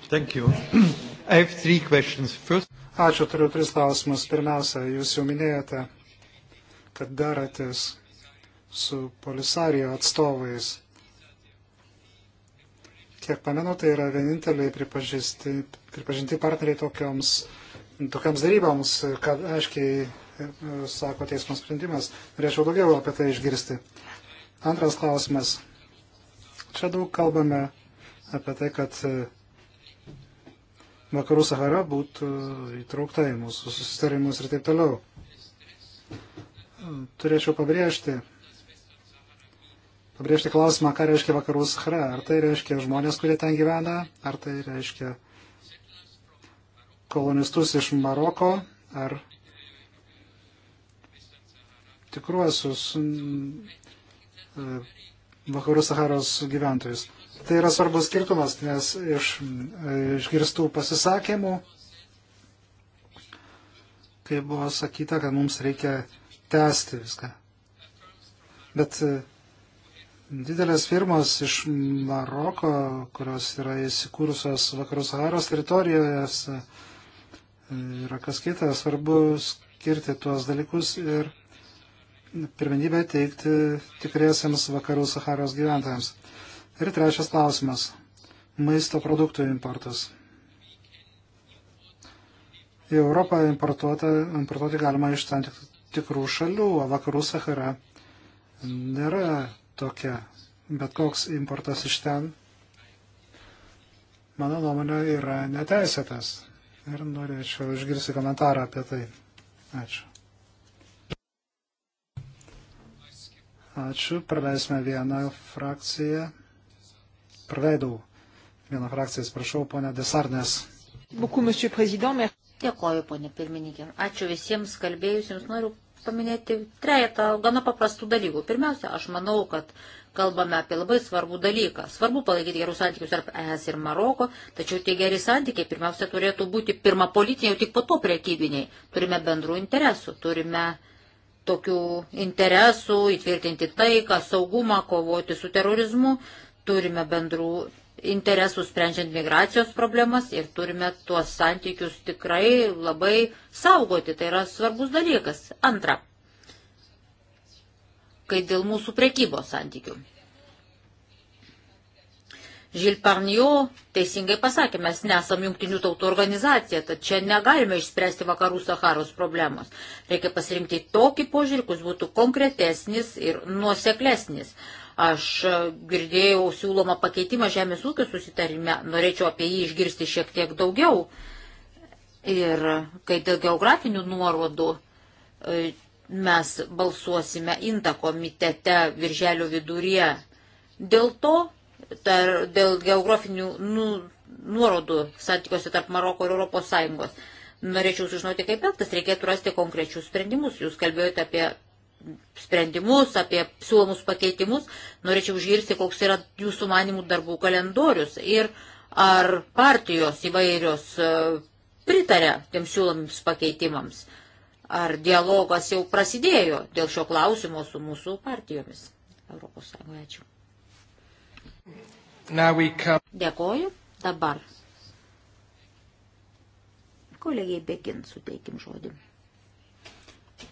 (clears throat) First... Ačiū, turiu tris klausimus. Pirmiausia, jūs jau minėjote, kad daratės su Polisario atstovais. Kiek pamenu, tai yra vieninteliai pripažinti, pripažinti partneriai tokioms, tokioms daryboms, kad aiškiai e, sako teismo sprendimas. Norėčiau daugiau apie tai išgirsti. Antras klausimas. Čia daug kalbame apie tai, kad e, vakarų Sahara būtų e, įtraukta į mūsų susitarimus ir taip toliau. Turėčiau pabrėžti, pabrėžti klausimą, ką reiškia vakarų Sahara. Ar tai reiškia žmonės, kurie ten gyvena, ar tai reiškia kolonistus iš Maroko, ar tikruosius mm, e, vakarų Saharos gyventojus. Tai yra svarbus skirtumas, nes iš išgirstų pasisakymų, kai buvo sakyta, kad mums reikia tęsti viską. Bet e, didelės firmos iš Maroko, kurios yra įsikūrusios vakarų Saharos teritorijoje, e, yra kas kita, svarbu skirti tuos dalykus ir pirmenybę teikti tikriesiams vakarų Saharos gyventojams. Ir trečias klausimas - maisto produktų importas. Į Europą importuoti galima iš tam tikrų šalių, o vakarų Sahara nėra tokia. Bet koks importas iš ten, mano nuomonė, yra neteisėtas. Ir norėčiau išgirsti komentarą apie tai. Ačiū. Ačiū. Praleisime vieną frakciją. Praleidau vieną frakciją, atsiprašau, ponė Desarnės. Dėkoju, ponė pirmininkė. Ačiū visiems kalbėjusiems. Noriu paminėti trejata gana paprastų dalykų. Pirmiausia, aš manau, kad kalbame apie labai svarbų dalyką. Svarbu palaikyti gerus santykius tarp ES ir Maroko, tačiau tie geri santykiai pirmiausia turėtų būti pirmą politiniai, o tik po to priekybiniai. Turime bendrų interesų, turime uh, tokių interesų, įtvirtinti taiką, saugumą, kovoti su terorizmu, turime bendrų interesų sprendžiant migracijos problemas ir turime tuos santykius tikrai labai saugoti. Tai yra svarbus dalykas. Antra, kai dėl mūsų prekybos santykių. Žil Parnio teisingai pasakė, mes nesam jungtinių tautų organizacija, tad čia negalime išspręsti vakarų Saharos problemos. Reikia pasirinkti tokį požiūrį, kuris būtų konkretesnis ir nuoseklesnis. Aš e, girdėjau siūlomą pakeitimą žemės ūkio susitarime, norėčiau apie jį išgirsti šiek tiek daugiau. Ir kai dėl geografinių nuorodų e, mes balsuosime INTA komitete virželio viduryje. Dėl to tar, dėl geografinių nu, nuorodų santykiuose tarp Maroko ir Europos Sąjungos. Norėčiau sužinoti, kaip elgtas, reikėtų rasti konkrečius sprendimus. Jūs kalbėjote apie sprendimus, apie siūlomus pakeitimus. Norėčiau užgirsti, koks yra jūsų manimų darbų kalendorius ir ar partijos įvairios e, pritarė tiems siūlomiems pakeitimams. Ar dialogas jau prasidėjo dėl šio klausimo su mūsų partijomis Europos Sąjungoje? Ačiū. Dėkoju. Dabar. Kolegijai Bekin suteikim žodį.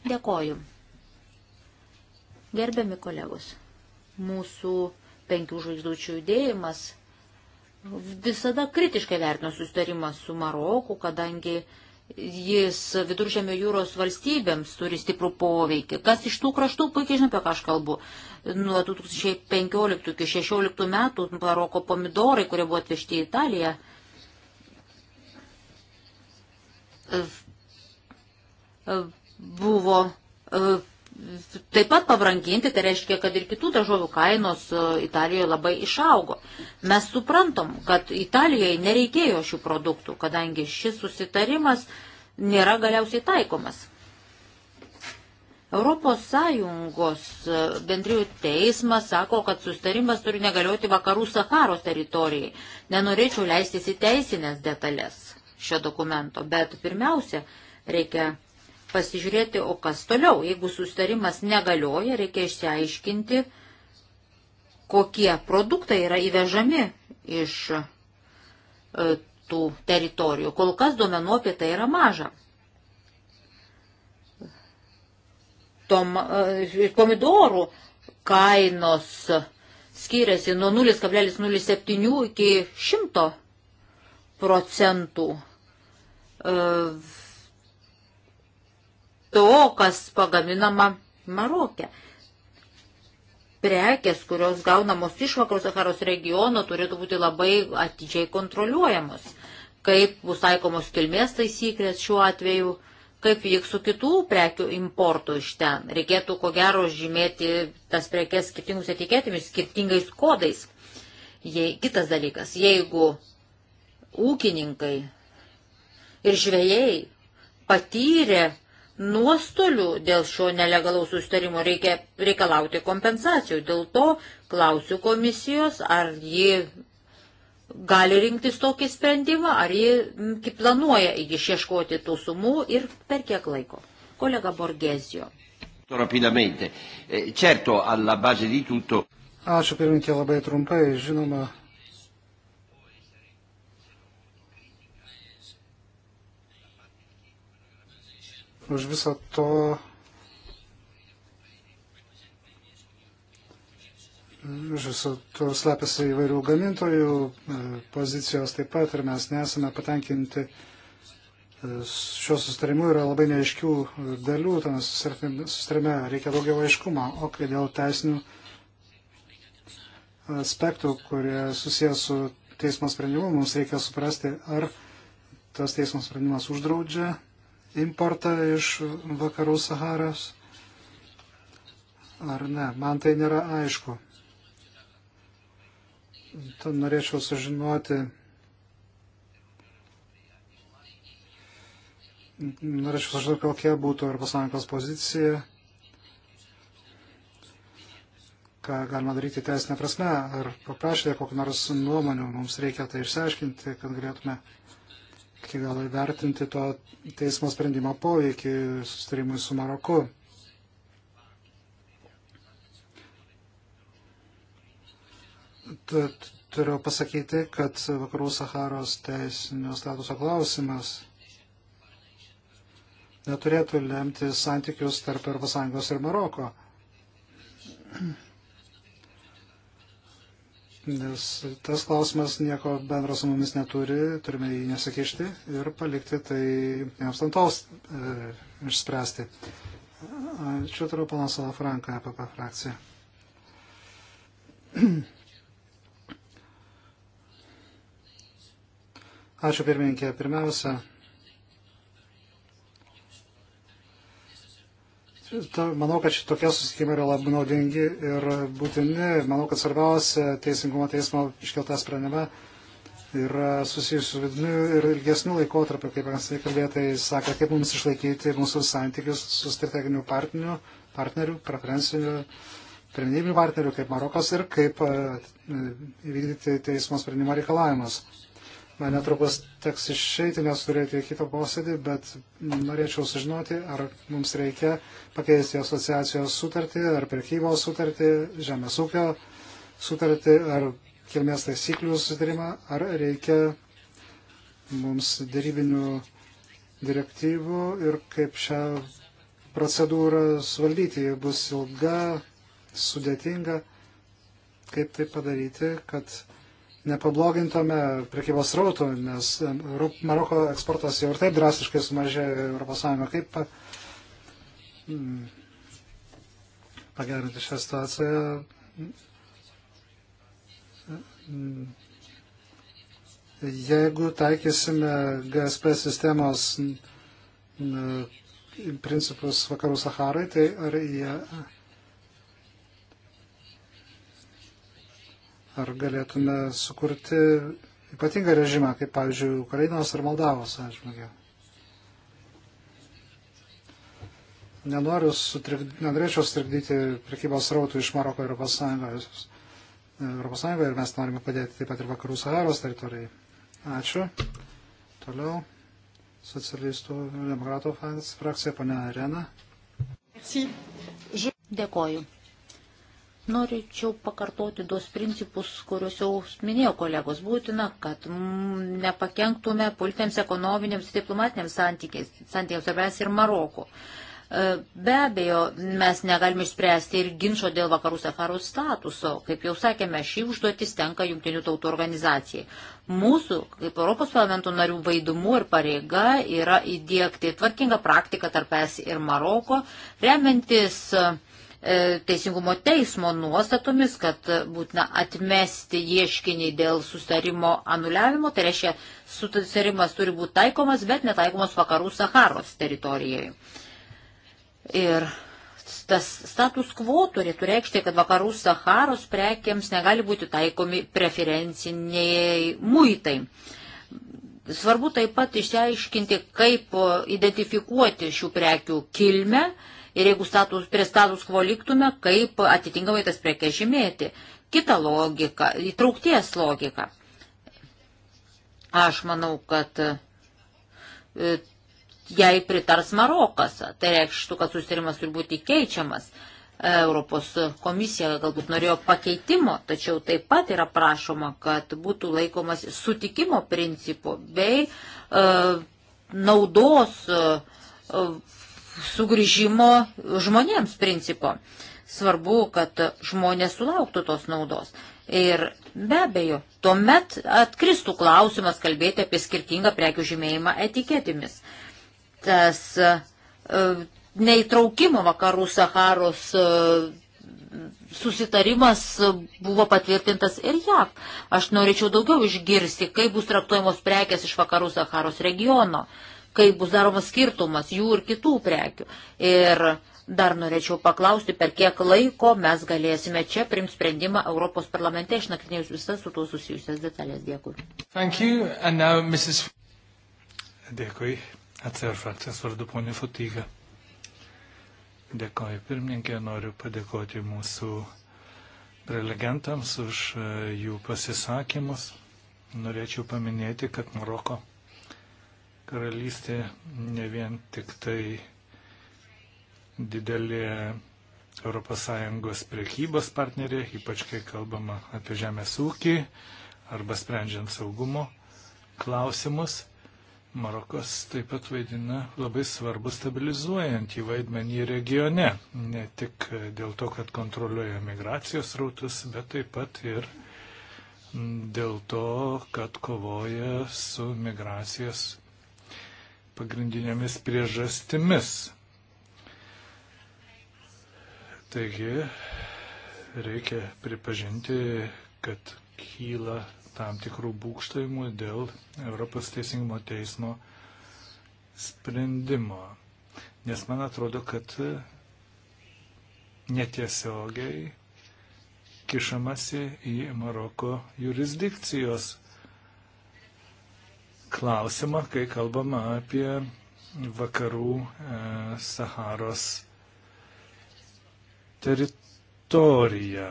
Dėkoju. Gerbiami kolegos, mūsų penkių žvaigždučių judėjimas visada kritiškai vertino susitarimą su Maroku, kadangi jis viduržėmio jūros valstybėms turi stiprų poveikį. Kas iš tų kraštų, puikiai žinau, apie ką aš kalbu. Nuo 2015 iki 2016 metų baroko pomidorai, kurie buvo atvežti į Italiją, buvo e, taip pat pabranginti, tai reiškia, kad ir kitų daržovių kainos e, Italijoje labai išaugo. Mes suprantam, kad Italijai nereikėjo šių produktų, kadangi šis susitarimas nėra galiausiai taikomas. Europos Sąjungos e, bendrijų teismas sako, kad sustarimas turi negalioti vakarų Saharos teritorijai. Nenorėčiau leistis į teisinės detalės šio dokumento, bet pirmiausia, reikia pasižiūrėti, o kas toliau. Jeigu sustarimas negalioja, reikia išsiaiškinti, kokie produktai yra įvežami iš e, tų teritorijų. Kol kas duomenų apie tai yra maža. tom, e, pomidorų kainos skiriasi nuo 0,07 iki 100 procentų e, to, kas pagaminama Marokė. Prekės, kurios gaunamos iš vakarų Saharos regiono, turėtų būti labai atidžiai kontroliuojamos, kaip bus taikomos kilmės taisyklės šiuo atveju taip vyks su kitų prekių importu iš ten. Reikėtų ko gero žymėti tas prekes skirtingus etiketėmis, skirtingais kodais. Jei, kitas dalykas, jeigu ūkininkai ir žvėjai patyrė nuostolių dėl šio nelegalaus sustarimo, reikia reikalauti kompensacijų. Dėl to klausiu komisijos, ar ji gali rinktis tokį sprendimą, ar ji planuoja išieškoti tų sumų ir per kiek laiko. Kolega Borgesio. Eh, Ačiū pirmininkė labai trumpai, žinoma. Už viso to už viso to slepiasi įvairių gamintojų e, pozicijos taip pat ir mes nesame patenkinti e, šiuo sustarimu yra labai neaiškių dalių tame sustarime, reikia daugiau aiškumo, o kai dėl teisinių aspektų, kurie susijęs su teismo sprendimu, mums reikia suprasti, ar tas teismo sprendimas uždraudžia importą iš vakarų Saharos ar ne. Man tai nėra aišku norėčiau sužinoti, norėčiau sužinoti, kokia būtų Europos Sąjungos pozicija, ką galima daryti teisinę prasme, ar paprašėte kokiu nors nuomonių, mums reikia tai išsiaiškinti, kad galėtume iki galo įvertinti to teismo sprendimo poveikį sustarimui su Maroku. turiu pasakyti, kad Vakarų Saharos teisinio statuso klausimas neturėtų lemti santykius tarp ES ir Maroko. Nes tas klausimas nieko bendro su mumis neturi, turime jį nesakišti ir palikti tai jiems tantos e, išspręsti. Ačiū turiu panas Alafranką apie e frakciją. (clears throat) Ačiū pirmininkė. Pirmiausia, manau, kad šitokie susitikimai yra labai naudingi ir būtini. Manau, kad svarbiausia teisingumo teismo iškeltas sprendime yra susijusiu su vidiniu ir ilgesniu laikotarpiu, kaip anksti kalbėtai sakė, kaip mums išlaikyti mūsų santykius su strateginiu partneriu, partneriu preferenciniu pirminybinių partnerių kaip Marokas ir kaip e, įvykdyti teismo sprendimo reikalavimus. Man netrukus teks išeiti, nes turėti kitą posėdį, bet norėčiau sužinoti, ar mums reikia pakeisti asociacijos sutartį, ar prekybos sutartį, žemės ūkio sutartį, ar kilmės taisyklių susidarimą, ar reikia mums darybinių direktyvų ir kaip šią procedūrą suvaldyti. Ji bus ilga, sudėtinga. Kaip tai padaryti, kad nepablogintume prekybos rautų, nes e, Maroko eksportas jau ir taip drastiškai sumažėjo Europos Sąjungą. Kaip mm, pagerinti šią situaciją? Mm, jeigu taikysime GSP sistemos mm, mm, principus vakarų Saharai, tai ar jie Ar galėtume sukurti ypatingą režimą, kaip pavyzdžiui, Ukrainos ar Moldavos atžvilgiu? Nenoriu sutrikdyti, nenorėčiau sutrikdyti prekybos rautų iš Maroko Europos Sąjungos. Europos Sąjungoje ir mes norime padėti taip pat ir vakarų Saharos teritorijai. Ačiū. Toliau socialistų demokratų frakcija, ponia Arena. Dėkoju. Norėčiau pakartoti dos principus, kuriuos jau minėjo kolegos. Būtina, kad mm, nepakenktume politiniams, ekonominiams, diplomatiniams santykiams, santykiams svarbiausia ir Maroko. E, be abejo, mes negalime išspręsti ir ginčio dėl vakarų Saharos statuso. Kaip jau sakėme, šį užduotis tenka Junktinių tautų organizacijai. Mūsų, kaip Europos parlamento narių, vaidumų ir pareiga yra įdėkti tvarkingą praktiką tarp es ir Maroko, remiantis uh, E, teisingumo teismo nuostatomis, kad būtina atmesti ieškinį dėl sustarimo anuliavimo, tai reiškia, sustarimas turi būti taikomas, bet netaikomas vakarų Saharos teritorijai. Ir tas status quo turėtų reikšti, kad vakarų Saharos prekiams negali būti taikomi preferenciniai muitai. Svarbu taip pat išsiaiškinti, kaip identifikuoti šių prekių kilmę ir jeigu status, prie status quo liktume, kaip atitinkamai tas prekes žymėti. Kita logika, įtraukties logika. Aš manau, kad e, jei pritars Marokas, tai reikštų, kad susitarimas turi būti keičiamas. E, Europos komisija galbūt norėjo pakeitimo, tačiau taip pat yra prašoma, kad būtų laikomas sutikimo principų bei e, naudos e, sugrįžimo žmonėms principo. Svarbu, kad žmonės sulauktų tos naudos. Ir be abejo, tuomet atkristų klausimas kalbėti apie skirtingą prekių žymėjimą etiketėmis. Tas e, neįtraukimo vakarų Saharos e, susitarimas buvo patvirtintas ir JAV. Aš norėčiau daugiau išgirsti, kaip bus traktuojamos prekes iš vakarų Saharos regiono. E, kaip bus daromas skirtumas jų ir kitų prekių. Ir dar norėčiau paklausti, per kiek laiko mes galėsime čia primti sprendimą Europos parlamente, išnakrinėjus visas su tuo susijusias detalės. Dėkui. You, now, Mrs... Dėkui. Atsir frakcijos vardu ponė Futyga. Dėkoju pirmininkė, noriu padėkoti mūsų prelegentams už e, jų pasisakymus. Norėčiau paminėti, kad Maroko karalystė ne vien tik tai didelė ES priekybos partnerė, ypač kai kalbama apie žemės ūkį arba sprendžiant saugumo klausimus. Marokas taip pat vaidina labai svarbu stabilizuojantį vaidmenį regione, ne tik dėl to, kad kontroliuoja migracijos rautus, bet taip pat ir dėl to, kad kovoja su migracijos pagrindinėmis priežastimis. Taigi, reikia pripažinti, kad kyla tam tikrų būkštavimų dėl Europos teisingumo teismo sprendimo. Nes man atrodo, kad netiesiogiai kišamasi į Maroko jurisdikcijos klausimą, kai kalbama apie vakarų e, Saharos teritoriją,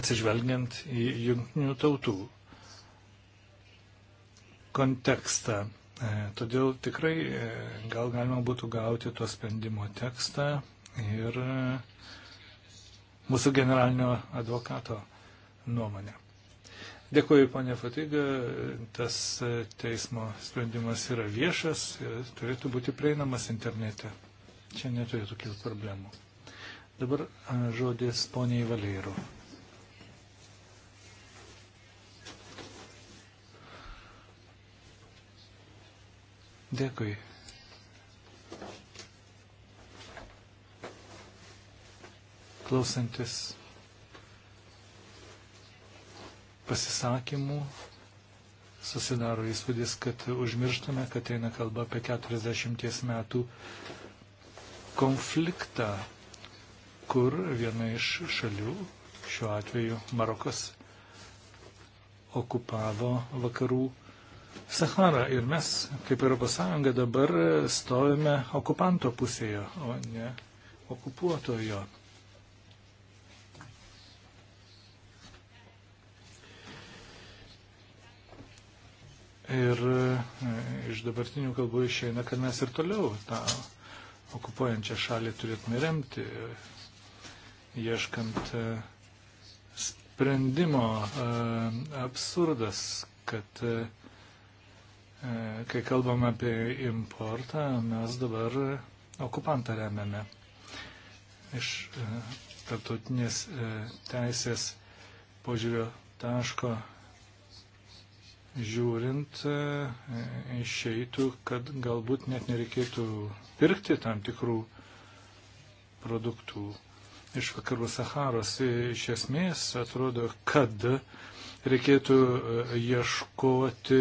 atsižvelgiant į jungtinių tautų kontekstą. E, todėl tikrai e, gal galima būtų gauti to sprendimo tekstą ir e, mūsų generalinio advokato nuomonę. Dėkuoju, ponė Fatiga, tas teismo sprendimas yra viešas ir turėtų būti prieinamas internete. Čia neturėtų kilti problemų. Dabar žodis poniai Valero. Dėkui. Klausantis pasisakymų susidaro įspūdis, kad užmirštame, kad eina kalba apie 40 metų konfliktą, kur viena iš šalių, šiuo atveju Marokas, okupavo vakarų Sahara ir mes, kaip ES, dabar stovime okupanto pusėje, o ne okupuotojo. Ir e, iš dabartinių kalbų išeina, kad mes ir toliau tą okupuojančią šalį turėtume remti, ieškant e, sprendimo e, absurdas, kad kai kalbam apie importą, mes dabar okupantą remiame iš tarptautinės teisės požiūrio taško žiūrint e, išeitų, kad galbūt net nereikėtų pirkti tam tikrų produktų iš vakarų Saharos. E, iš esmės atrodo, kad reikėtų e, ieškoti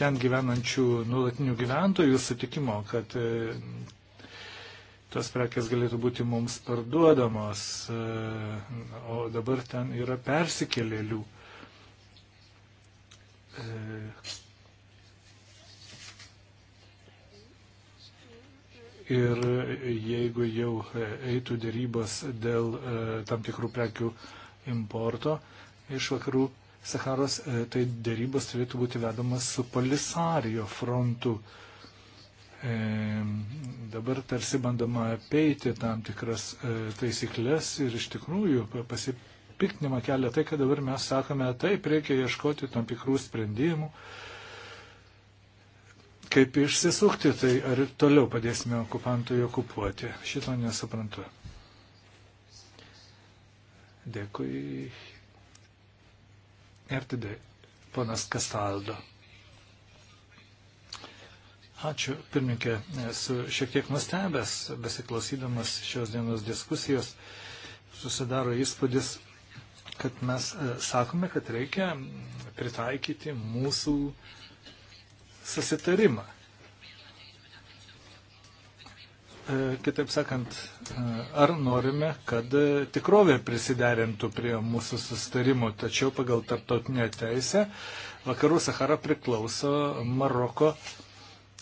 ten gyvenančių nulatinių gyventojų sutikimo, kad tos prekes galėtų būti mums parduodamos, o dabar ten yra persikėlėlių. E, ir jeigu jau eitų dėrybos dėl e, tam tikrų prekių importo iš vakarų Saharos, e, tai dėrybos turėtų būti vedamas su Polisario frontu. E, dabar tarsi bandoma apeiti tam tikras e, taisyklės ir iš tikrųjų pasi, piktinimą kelia tai, kad dabar mes sakome, taip, reikia ieškoti tam tikrų sprendimų. Kaip išsisukti, tai ar toliau padėsime okupantui okupuoti? Šito nesuprantu. Dėkui. Ir tada ponas Kastaldo. Ačiū, pirmininkė. Esu šiek tiek nustebęs, besiklausydamas šios dienos diskusijos. Susidaro įspūdis, kad mes e, sakome, kad reikia pritaikyti mūsų susitarimą. E, kitaip sakant, e, ar norime, kad tikrovė prisiderintų prie mūsų sustarimo, tačiau pagal tarptautinę teisę vakarų Sahara priklauso Maroko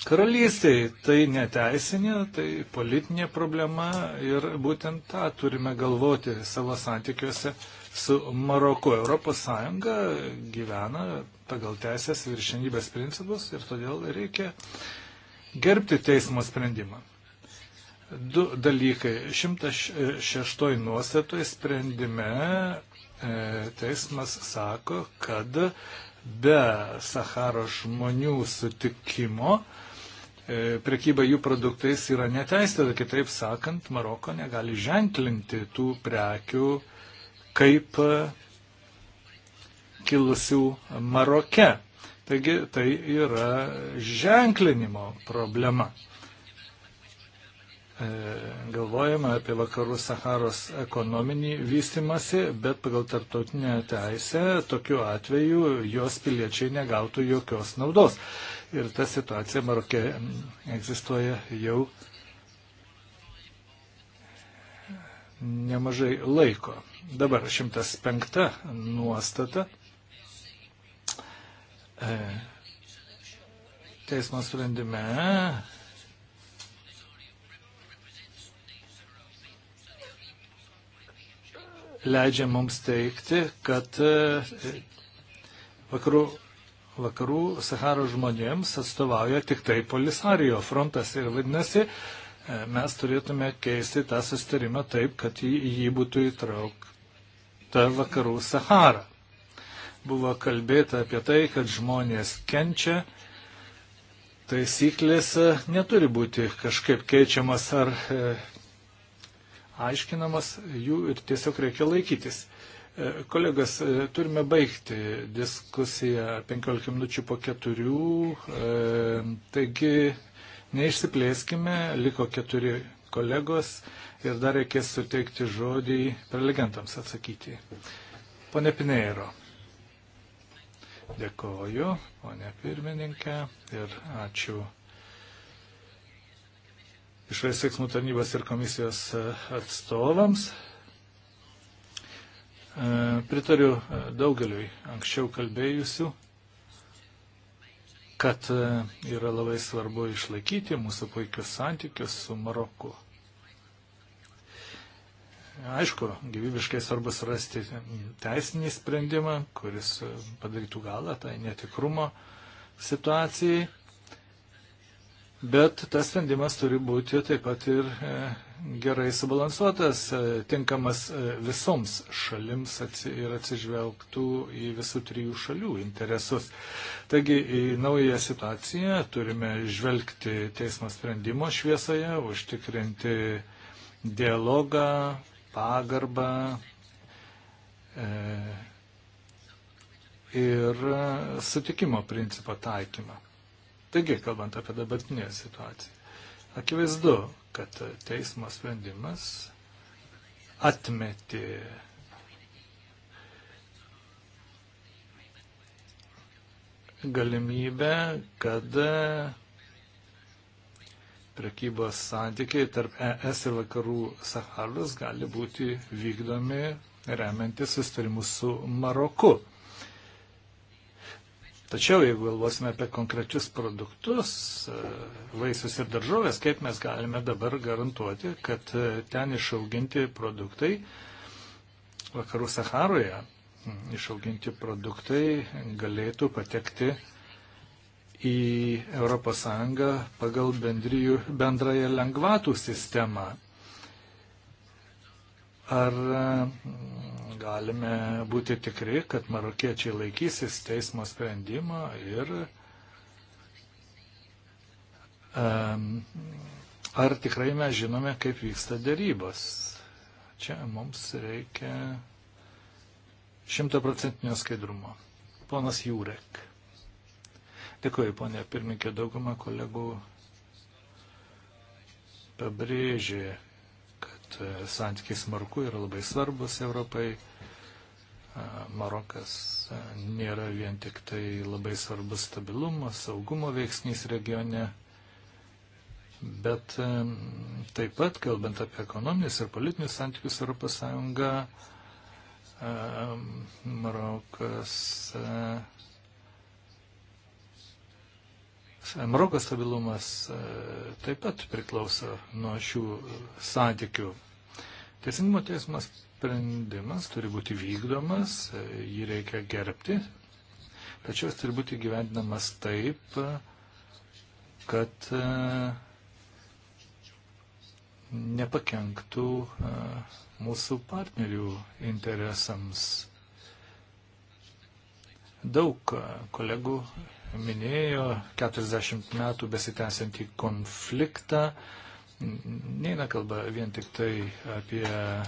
karalystėje. Tai neteisinė, tai politinė problema ir būtent tą turime galvoti savo santykiuose su Maroku. ES gyvena pagal teisės viršenybės principus ir todėl reikia gerbti teismo sprendimą. Du dalykai. 106 nuostatoje sprendime e, teismas sako, kad be Saharo žmonių sutikimo e, prekyba jų produktais yra neteisėta, kitaip sakant, Maroko negali ženklinti tų prekių kaip e, kilusių Maroke. Taigi tai yra ženklinimo problema. E, galvojame apie vakarų Saharos ekonominį vystimąsi, bet pagal tarptautinę teisę tokiu atveju jos piliečiai negautų jokios naudos. Ir ta situacija Marokė egzistuoja jau nemažai laiko. Dabar 105 nuostata. E, teismo sprendime leidžia mums teikti, kad e, vakarų, vakarų Saharo žmonėms atstovauja tik tai Polisario frontas ir vadinasi, E, mes turėtume keisti tą sustarimą taip, kad į jį būtų įtraukta vakarų Sahara. Buvo kalbėta apie tai, kad žmonės kenčia, taisyklės e, neturi būti kažkaip keičiamas ar e, aiškinamas, jų ir tiesiog reikia laikytis. E, kolegas, e, turime baigti diskusiją 15 minučių po keturių, e, taigi Neišsiplėskime, liko keturi kolegos ir dar reikės suteikti žodį prelegentams atsakyti. Pone Pinėro. Dėkoju, ponė pirmininkė, ir ačiū išorės veiksmų tarnybos ir komisijos e, atstovams. E, pritariu e, daugeliui anksčiau kalbėjusių kad e, yra labai svarbu išlaikyti mūsų puikius santykius su Maroku. Aišku, gyvybiškai svarbu surasti teisinį sprendimą, kuris padarytų galą tai netikrumo situacijai. Bet tas sprendimas turi būti taip pat ir e, gerai subalansuotas, e, tinkamas e, visoms šalims ir atsižvelgtų į visų trijų šalių interesus. Taigi į naują situaciją turime žvelgti teismo sprendimo šviesoje, užtikrinti dialogą, pagarbą. E, ir sutikimo principo taikymą. Taigi, kalbant apie dabartinę situaciją, akivaizdu, kad teismo sprendimas atmetė galimybę, kad prekybos santykiai tarp ES ir vakarų Saharos gali būti vykdomi remiantis sustarimus su Maroku. Tačiau jeigu galvosime apie konkrečius produktus, e, vaisius ir daržovės, kaip mes galime dabar garantuoti, kad e, ten išauginti produktai vakarų Saharoje, išauginti produktai galėtų patekti į ES pagal bendrijų, bendrąją lengvatų sistemą. Ar galime būti tikri, kad marokiečiai laikysis teismo sprendimo ir um, ar tikrai mes žinome, kaip vyksta dėrybos. Čia mums reikia šimtaprocentinio skaidrumo. Ponas Jūrek. Dėkuoju, ponė pirmininkė, dauguma kolegų pabrėžė, kad santykiai smarku yra labai svarbus Europai. Marokas nėra vien tik tai labai svarbus stabilumo, saugumo veiksnys regione, bet taip pat, kalbant apie ekonominius ir politinius santykius Europos Sąjunga, Marokas Maroko stabilumas taip pat priklauso nuo šių santykių. Teisingumo teismas sprendimas turi būti vykdomas, jį reikia gerbti, tačiau jis turi būti gyvendinamas taip, kad e, nepakenktų e, mūsų partnerių interesams. Daug e, kolegų minėjo 40 metų besitęsiantį konfliktą, Neina kalba vien tik tai apie e,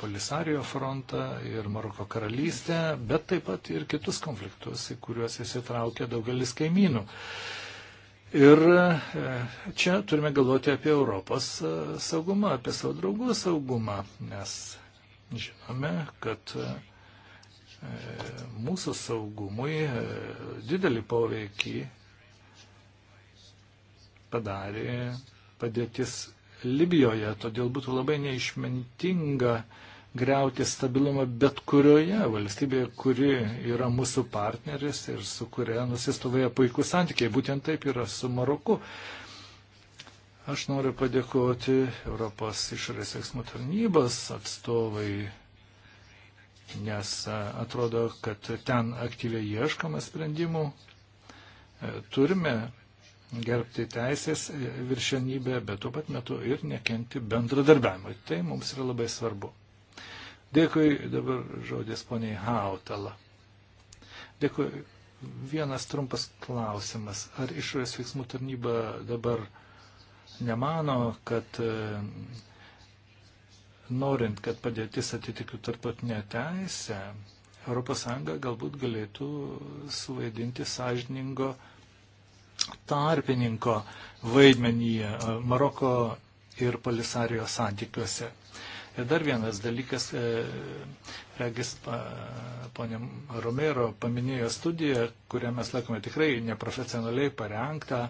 Polisario frontą ir Maroko karalystę, bet taip pat ir kitus konfliktus, į kuriuos įsitraukia daugelis kaimynų. Ir e, čia turime galvoti apie Europos e, saugumą, apie savo draugų saugumą, nes žinome, kad mūsų saugumui didelį poveikį padarė padėtis Libijoje, todėl būtų labai neišmintinga greuti stabilumą bet kurioje valstybėje, kuri yra mūsų partneris ir su kuria nusistovėja puikūs santykiai. Būtent taip yra su Maroku. Aš noriu padėkoti Europos išorės veiksmų tarnybos atstovai, nes atrodo, kad ten aktyviai ieškoma sprendimų. E, turime gerbti teisės e, viršenybę, bet tuo pat metu ir nekenti bendradarbiavimui. Tai mums yra labai svarbu. Dėkui dabar žodis poniai Hautala. Dėkui. Vienas trumpas klausimas. Ar išorės veiksmų tarnyba dabar nemano, kad e, norint, kad padėtis atitiktų tarptautinę teisę, ES galbūt galėtų suvaidinti sąžiningo uh, tarpininko vaidmenį e, Maroko ir Polisario santykiuose. Ir dar vienas dalykas, e, regis ponė Romero paminėjo studiją, kurią mes laikome tikrai neprofesionaliai parengtą.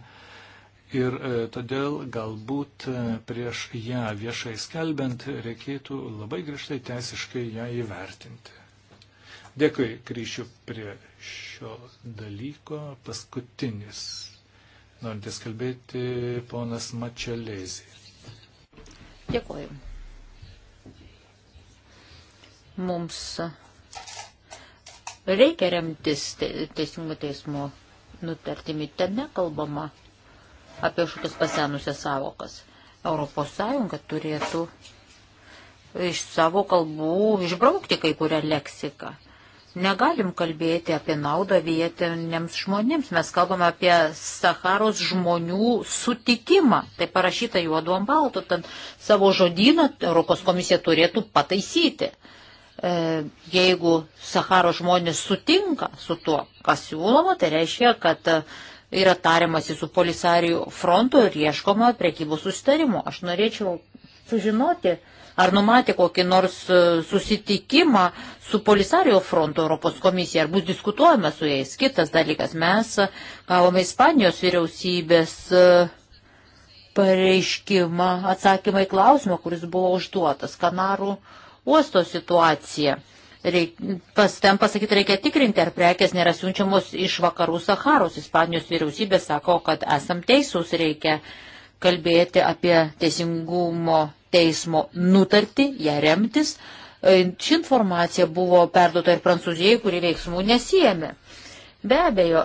Ir e, todėl galbūt prieš ją viešai skelbiant reikėtų labai grįžtai teisiškai ją įvertinti. Dėkui, grįšiu prie šio dalyko. Paskutinis Norintis kalbėti, ponas Mačialėzė. Dėkuoju. Mums reikia remtis te, teisingumo teismo nutartimi. Ten nekalbama apie šitas pasenusias savokas. Europos Sąjunga turėtų iš savo kalbų išbraukti kai kurią leksiką. Negalim kalbėti apie naudą vietiniams žmonėms. Mes kalbame apie Saharos žmonių sutikimą. Tai parašyta juodu ant balto. Tad savo žodyną Europos komisija turėtų pataisyti. E, jeigu Saharos žmonės sutinka su tuo, kas siūloma, tai reiškia, kad e, yra tariamasi su polisarijų frontu ir ieškoma prekybos sustarimo. Aš norėčiau sužinoti, Ar numatė kokį nors e, susitikimą su Polisario fronto Europos komisija, ar bus diskutuojama su jais? Kitas dalykas, mes e, gavome Ispanijos vyriausybės e, pareiškimą, atsakymą į klausimą, kuris buvo užduotas, Kanarų uosto situacija. Reik, pas, ten pasakyti reikia tikrinti, ar prekės nėra siunčiamos iš vakarų Saharos. Ispanijos vyriausybė sako, kad esam teisūs, reikia kalbėti apie teisingumo teismo nutartį, ją remtis. E, ši informacija buvo perduota ir Prancūzijai, kuri veiksmų nesijėmė. Be abejo,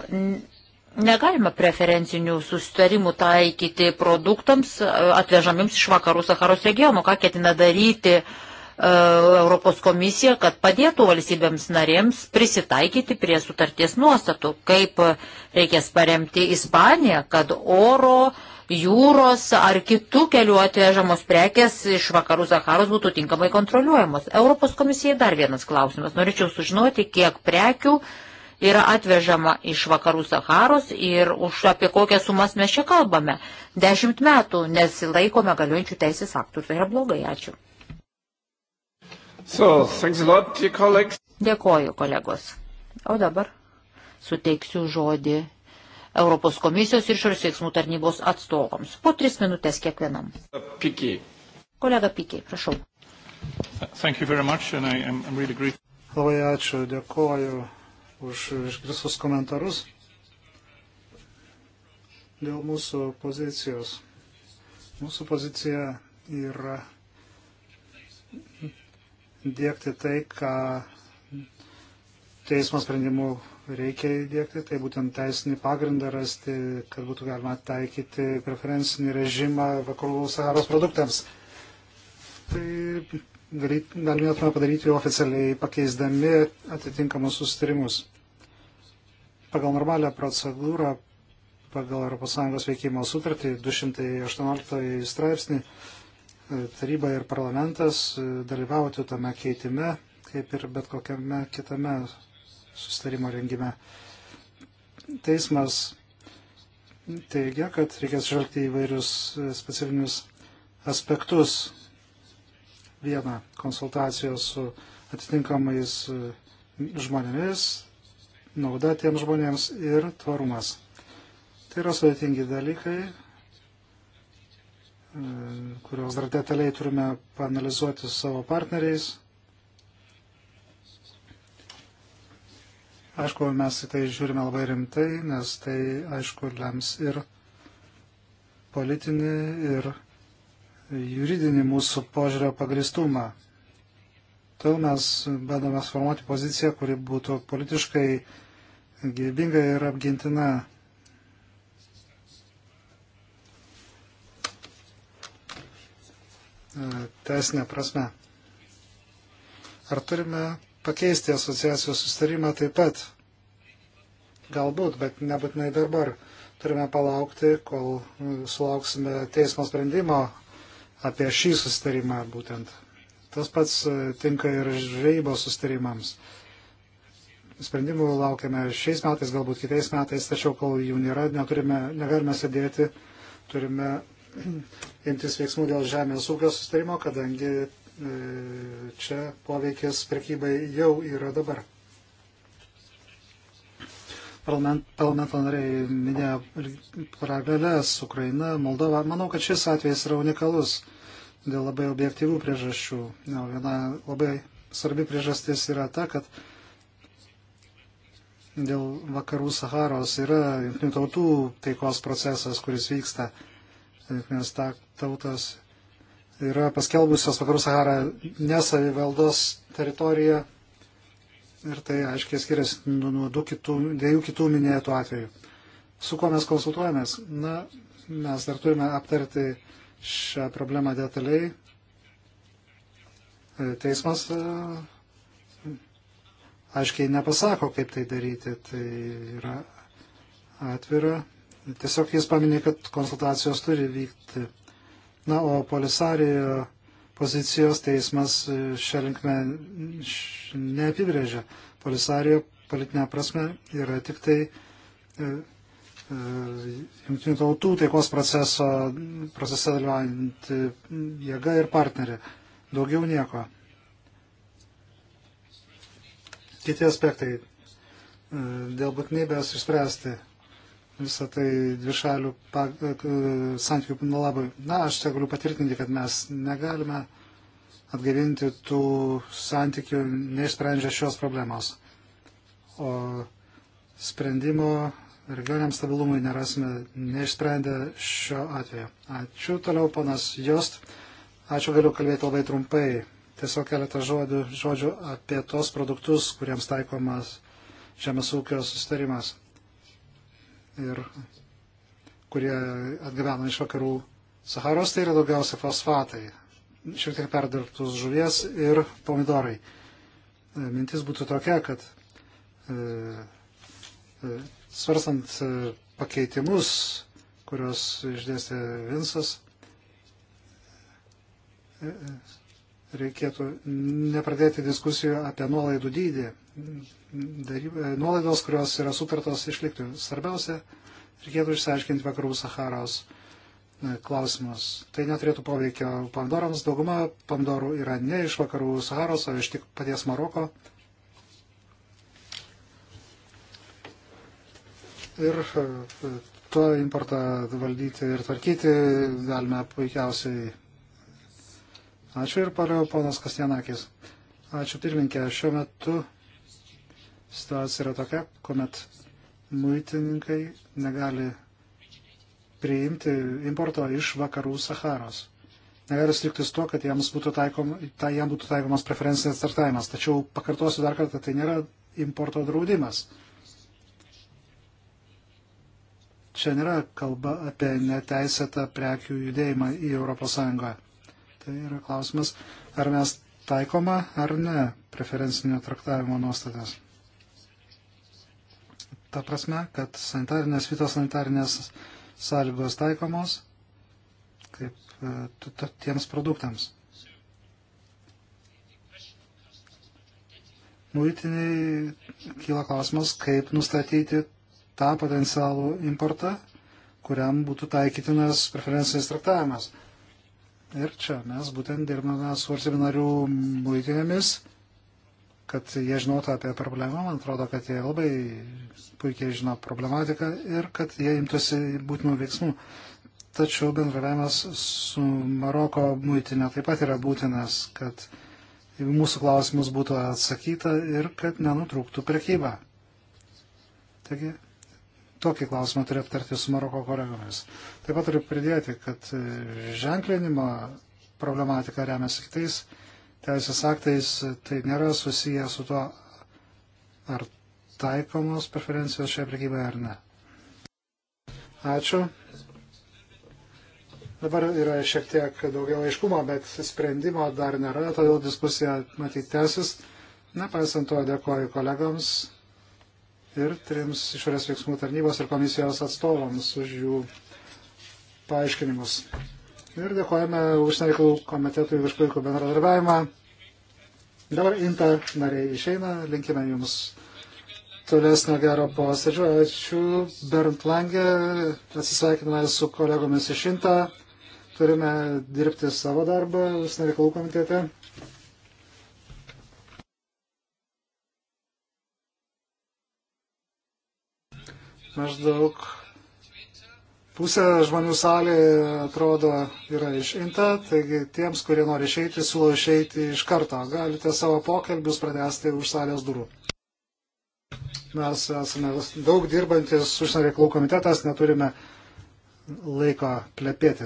negalima preferencinių sustarimų taikyti produktams e, atvežamiems iš vakarų Saharos regiono, ką ketina daryti e, Europos komisija, kad padėtų valstybėms narėms prisitaikyti prie sutarties nuostatų, kaip reikės paremti Ispaniją, kad oro uh, jūros ar kitų kelių atvežamos prekės iš vakarų Zaharos būtų tinkamai kontroliuojamos. Europos komisijai dar vienas klausimas. Norėčiau sužinoti, kiek prekių yra atvežama iš vakarų Saharos ir už apie kokias sumas mes čia kalbame. Dešimt metų nesilaikome galiojančių teisės aktų. Tai yra blogai. Ačiū. So, lot, Dėkoju, kolegos. O dabar suteiksiu žodį Europos komisijos ir šios veiksmų tarnybos atstovams. Po tris minutės kiekvienam. Pikiai. Kolega Pikiai, prašau. Much, I am, I'm really great. Labai ačiū, dėkoju už išgristus komentarus dėl mūsų pozicijos. Mūsų pozicija yra dėkti tai, ką teismo sprendimų reikia įdėkti, tai būtent teisinį pagrindą rasti, kad būtų galima taikyti preferencinį režimą vakarų Saharos produktams. Tai galėtume padaryti oficialiai pakeisdami atitinkamus sustarimus. Pagal normalią procedūrą, pagal ES veikimo sutartį 218 straipsnį, e, taryba ir parlamentas e, dalyvauti tame keitime, kaip ir bet kokiame kitame sustarimo rengime. Teismas teigia, kad reikės žvelgti įvairius e, specifinius aspektus. Viena konsultacijos su atitinkamais e, žmonėmis, nauda tiems žmonėms ir tvarumas. Tai yra sudėtingi dalykai, e, kuriuos dar detaliai turime panalizuoti su savo partneriais. Aišku, mes į tai žiūrime labai rimtai, nes tai, aišku, lems ir politinį, ir juridinį mūsų požiūrio pagristumą. Todėl mes bandome formuoti poziciją, kuri būtų politiškai gyvybinga ir apgintina. E, teisinė prasme. Ar turime pakeisti asociacijos sustarimą taip pat. Galbūt, bet nebūtinai dabar. Turime palaukti, kol e, sulauksime teismo sprendimo apie šį sustarimą būtent. Tas pats e, tinka ir žvejybos sustarimams. Sprendimų laukiame šiais metais, galbūt kitais metais, tačiau kol jų nėra, neturime, negalime sėdėti, turime (clears throat) imtis veiksmų dėl žemės ūkio sustarimo, kadangi E, čia poveikis prekybai jau yra dabar. Parlamento nariai minėjo paralelės Ukraina, Moldova. Manau, kad šis atvejis yra unikalus dėl labai objektyvių priežasčių. Viena labai svarbi priežastis yra ta, kad dėl vakarų Saharos yra jungtinių tautų taikos procesas, kuris vyksta. Jungtinės tautos yra paskelbusios Vakarų Sahara nesavivaldos teritoriją ir tai aiškiai skiriasi nuo kitų, dviejų kitų minėtų atvejų. Su kuo mes konsultuojamės? Na, mes dar turime aptarti šią problemą detaliai. Teismas e, aiškiai nepasako, kaip tai daryti. Tai yra atvira. Tiesiog jis paminė, kad konsultacijos turi vykti. Na, o polisarijo pozicijos teismas šią linkmę neapibrėžia. Polisarijo politinė prasme yra tik tai e, e, jungtinių tautų taikos proceso, procese dalyvaujant jėga ir partnerė. Daugiau nieko. Kiti aspektai e, dėl būtinybės išspręsti visą tai dvišalių e, e, santykių labai. Na, aš čia galiu patvirtinti, kad mes negalime atgaivinti tų santykių, neišsprendžia šios problemos. O sprendimo regioniam stabilumui nerasime neišsprendę šio atveju. Ačiū toliau, panas Jost. Ačiū, galiu kalbėti labai trumpai. Tiesiog keletą žodžių, žodžių apie tos produktus, kuriems taikomas žemės ūkio sustarimas ir kurie atgabena iš vakarų Saharos, tai yra daugiausia fosfatai, šiek tiek perdirbtus žuvies ir pomidorai. E, mintis būtų tokia, kad e, e, svarstant e, pakeitimus, kurios išdėstė Vinsas, e, e, reikėtų nepradėti diskusijų apie nuolaidų dydį nuolaidos, kurios yra sutartos, išliktų. Svarbiausia, reikėtų išsiaiškinti vakarų Saharos e, klausimus. Tai neturėtų poveikio Pandorams. Dauguma Pandorų yra ne iš vakarų Saharos, o iš tik paties Maroko. Ir e, to importą valdyti ir tvarkyti galime puikiausiai. Ačiū ir paliau ponas Kastienakis. Ačiū pirminkė. Šiuo metu situacija yra tokia, kuomet muitininkai negali priimti importo iš vakarų Saharos. Negali sutiktis tuo, kad jiems būtų, taikom, ta, jam būtų taikomas preferencinės tartavimas. Tačiau pakartosiu dar kartą, tai nėra importo draudimas. Čia nėra kalba apie neteisėtą prekių judėjimą į ES. Tai yra klausimas, ar mes taikoma ar ne preferencinio traktavimo nuostatas ta prasme, kad sanitarinės, fitosanitarinės sąlygos taikomos kaip e, tiems produktams. Muitiniai nu, kyla klausimas, kaip nustatyti tą potencialų importą, kuriam būtų taikytinas preferencinis traktavimas. Ir čia mes būtent dirbame su valstybinarių muitinėmis kad jie žinotų apie problemą. Man atrodo, kad jie labai puikiai žino problematiką ir kad jie imtųsi būtinų veiksmų. Tačiau bendravimas su Maroko muitinė taip pat yra būtinas, kad mūsų klausimus būtų atsakyta ir kad nenutrūktų prekyba. Taigi, tokį klausimą turiu aptarti su Maroko kolegomis. Taip pat turiu pridėti, kad ženklinimo problematika remiasi kitais teisės aktais tai nėra susiję su tuo, ar taikomos preferencijos šioje prekyboje ar ne. Ačiū. Dabar yra šiek tiek daugiau aiškumo, bet sprendimo dar nėra, todėl diskusija matyti tęsis. Nepaisant to, dėkoju kolegams ir trims išorės veiksmų tarnybos ir komisijos atstovams už jų paaiškinimus. Ir dėkojame užsienio reikalų komitetui už puikų bendradarbiavimą. Dabar inta nariai išeina, linkime jums tolesnio gero posėdžio. Ačiū Bernd Lange, atsisveikiname su kolegomis iš inta. Turime dirbti savo darbą užsienio reikalų komitete. Maždaug Pusė žmonių salėje atrodo yra išinta, taigi tiems, kurie nori išeiti, siūlau išeiti iš karto. Galite savo pokalbius pradėsti už salės durų. Mes esame daug dirbantis užsienio reikalų komitetas, neturime laiko plepėti.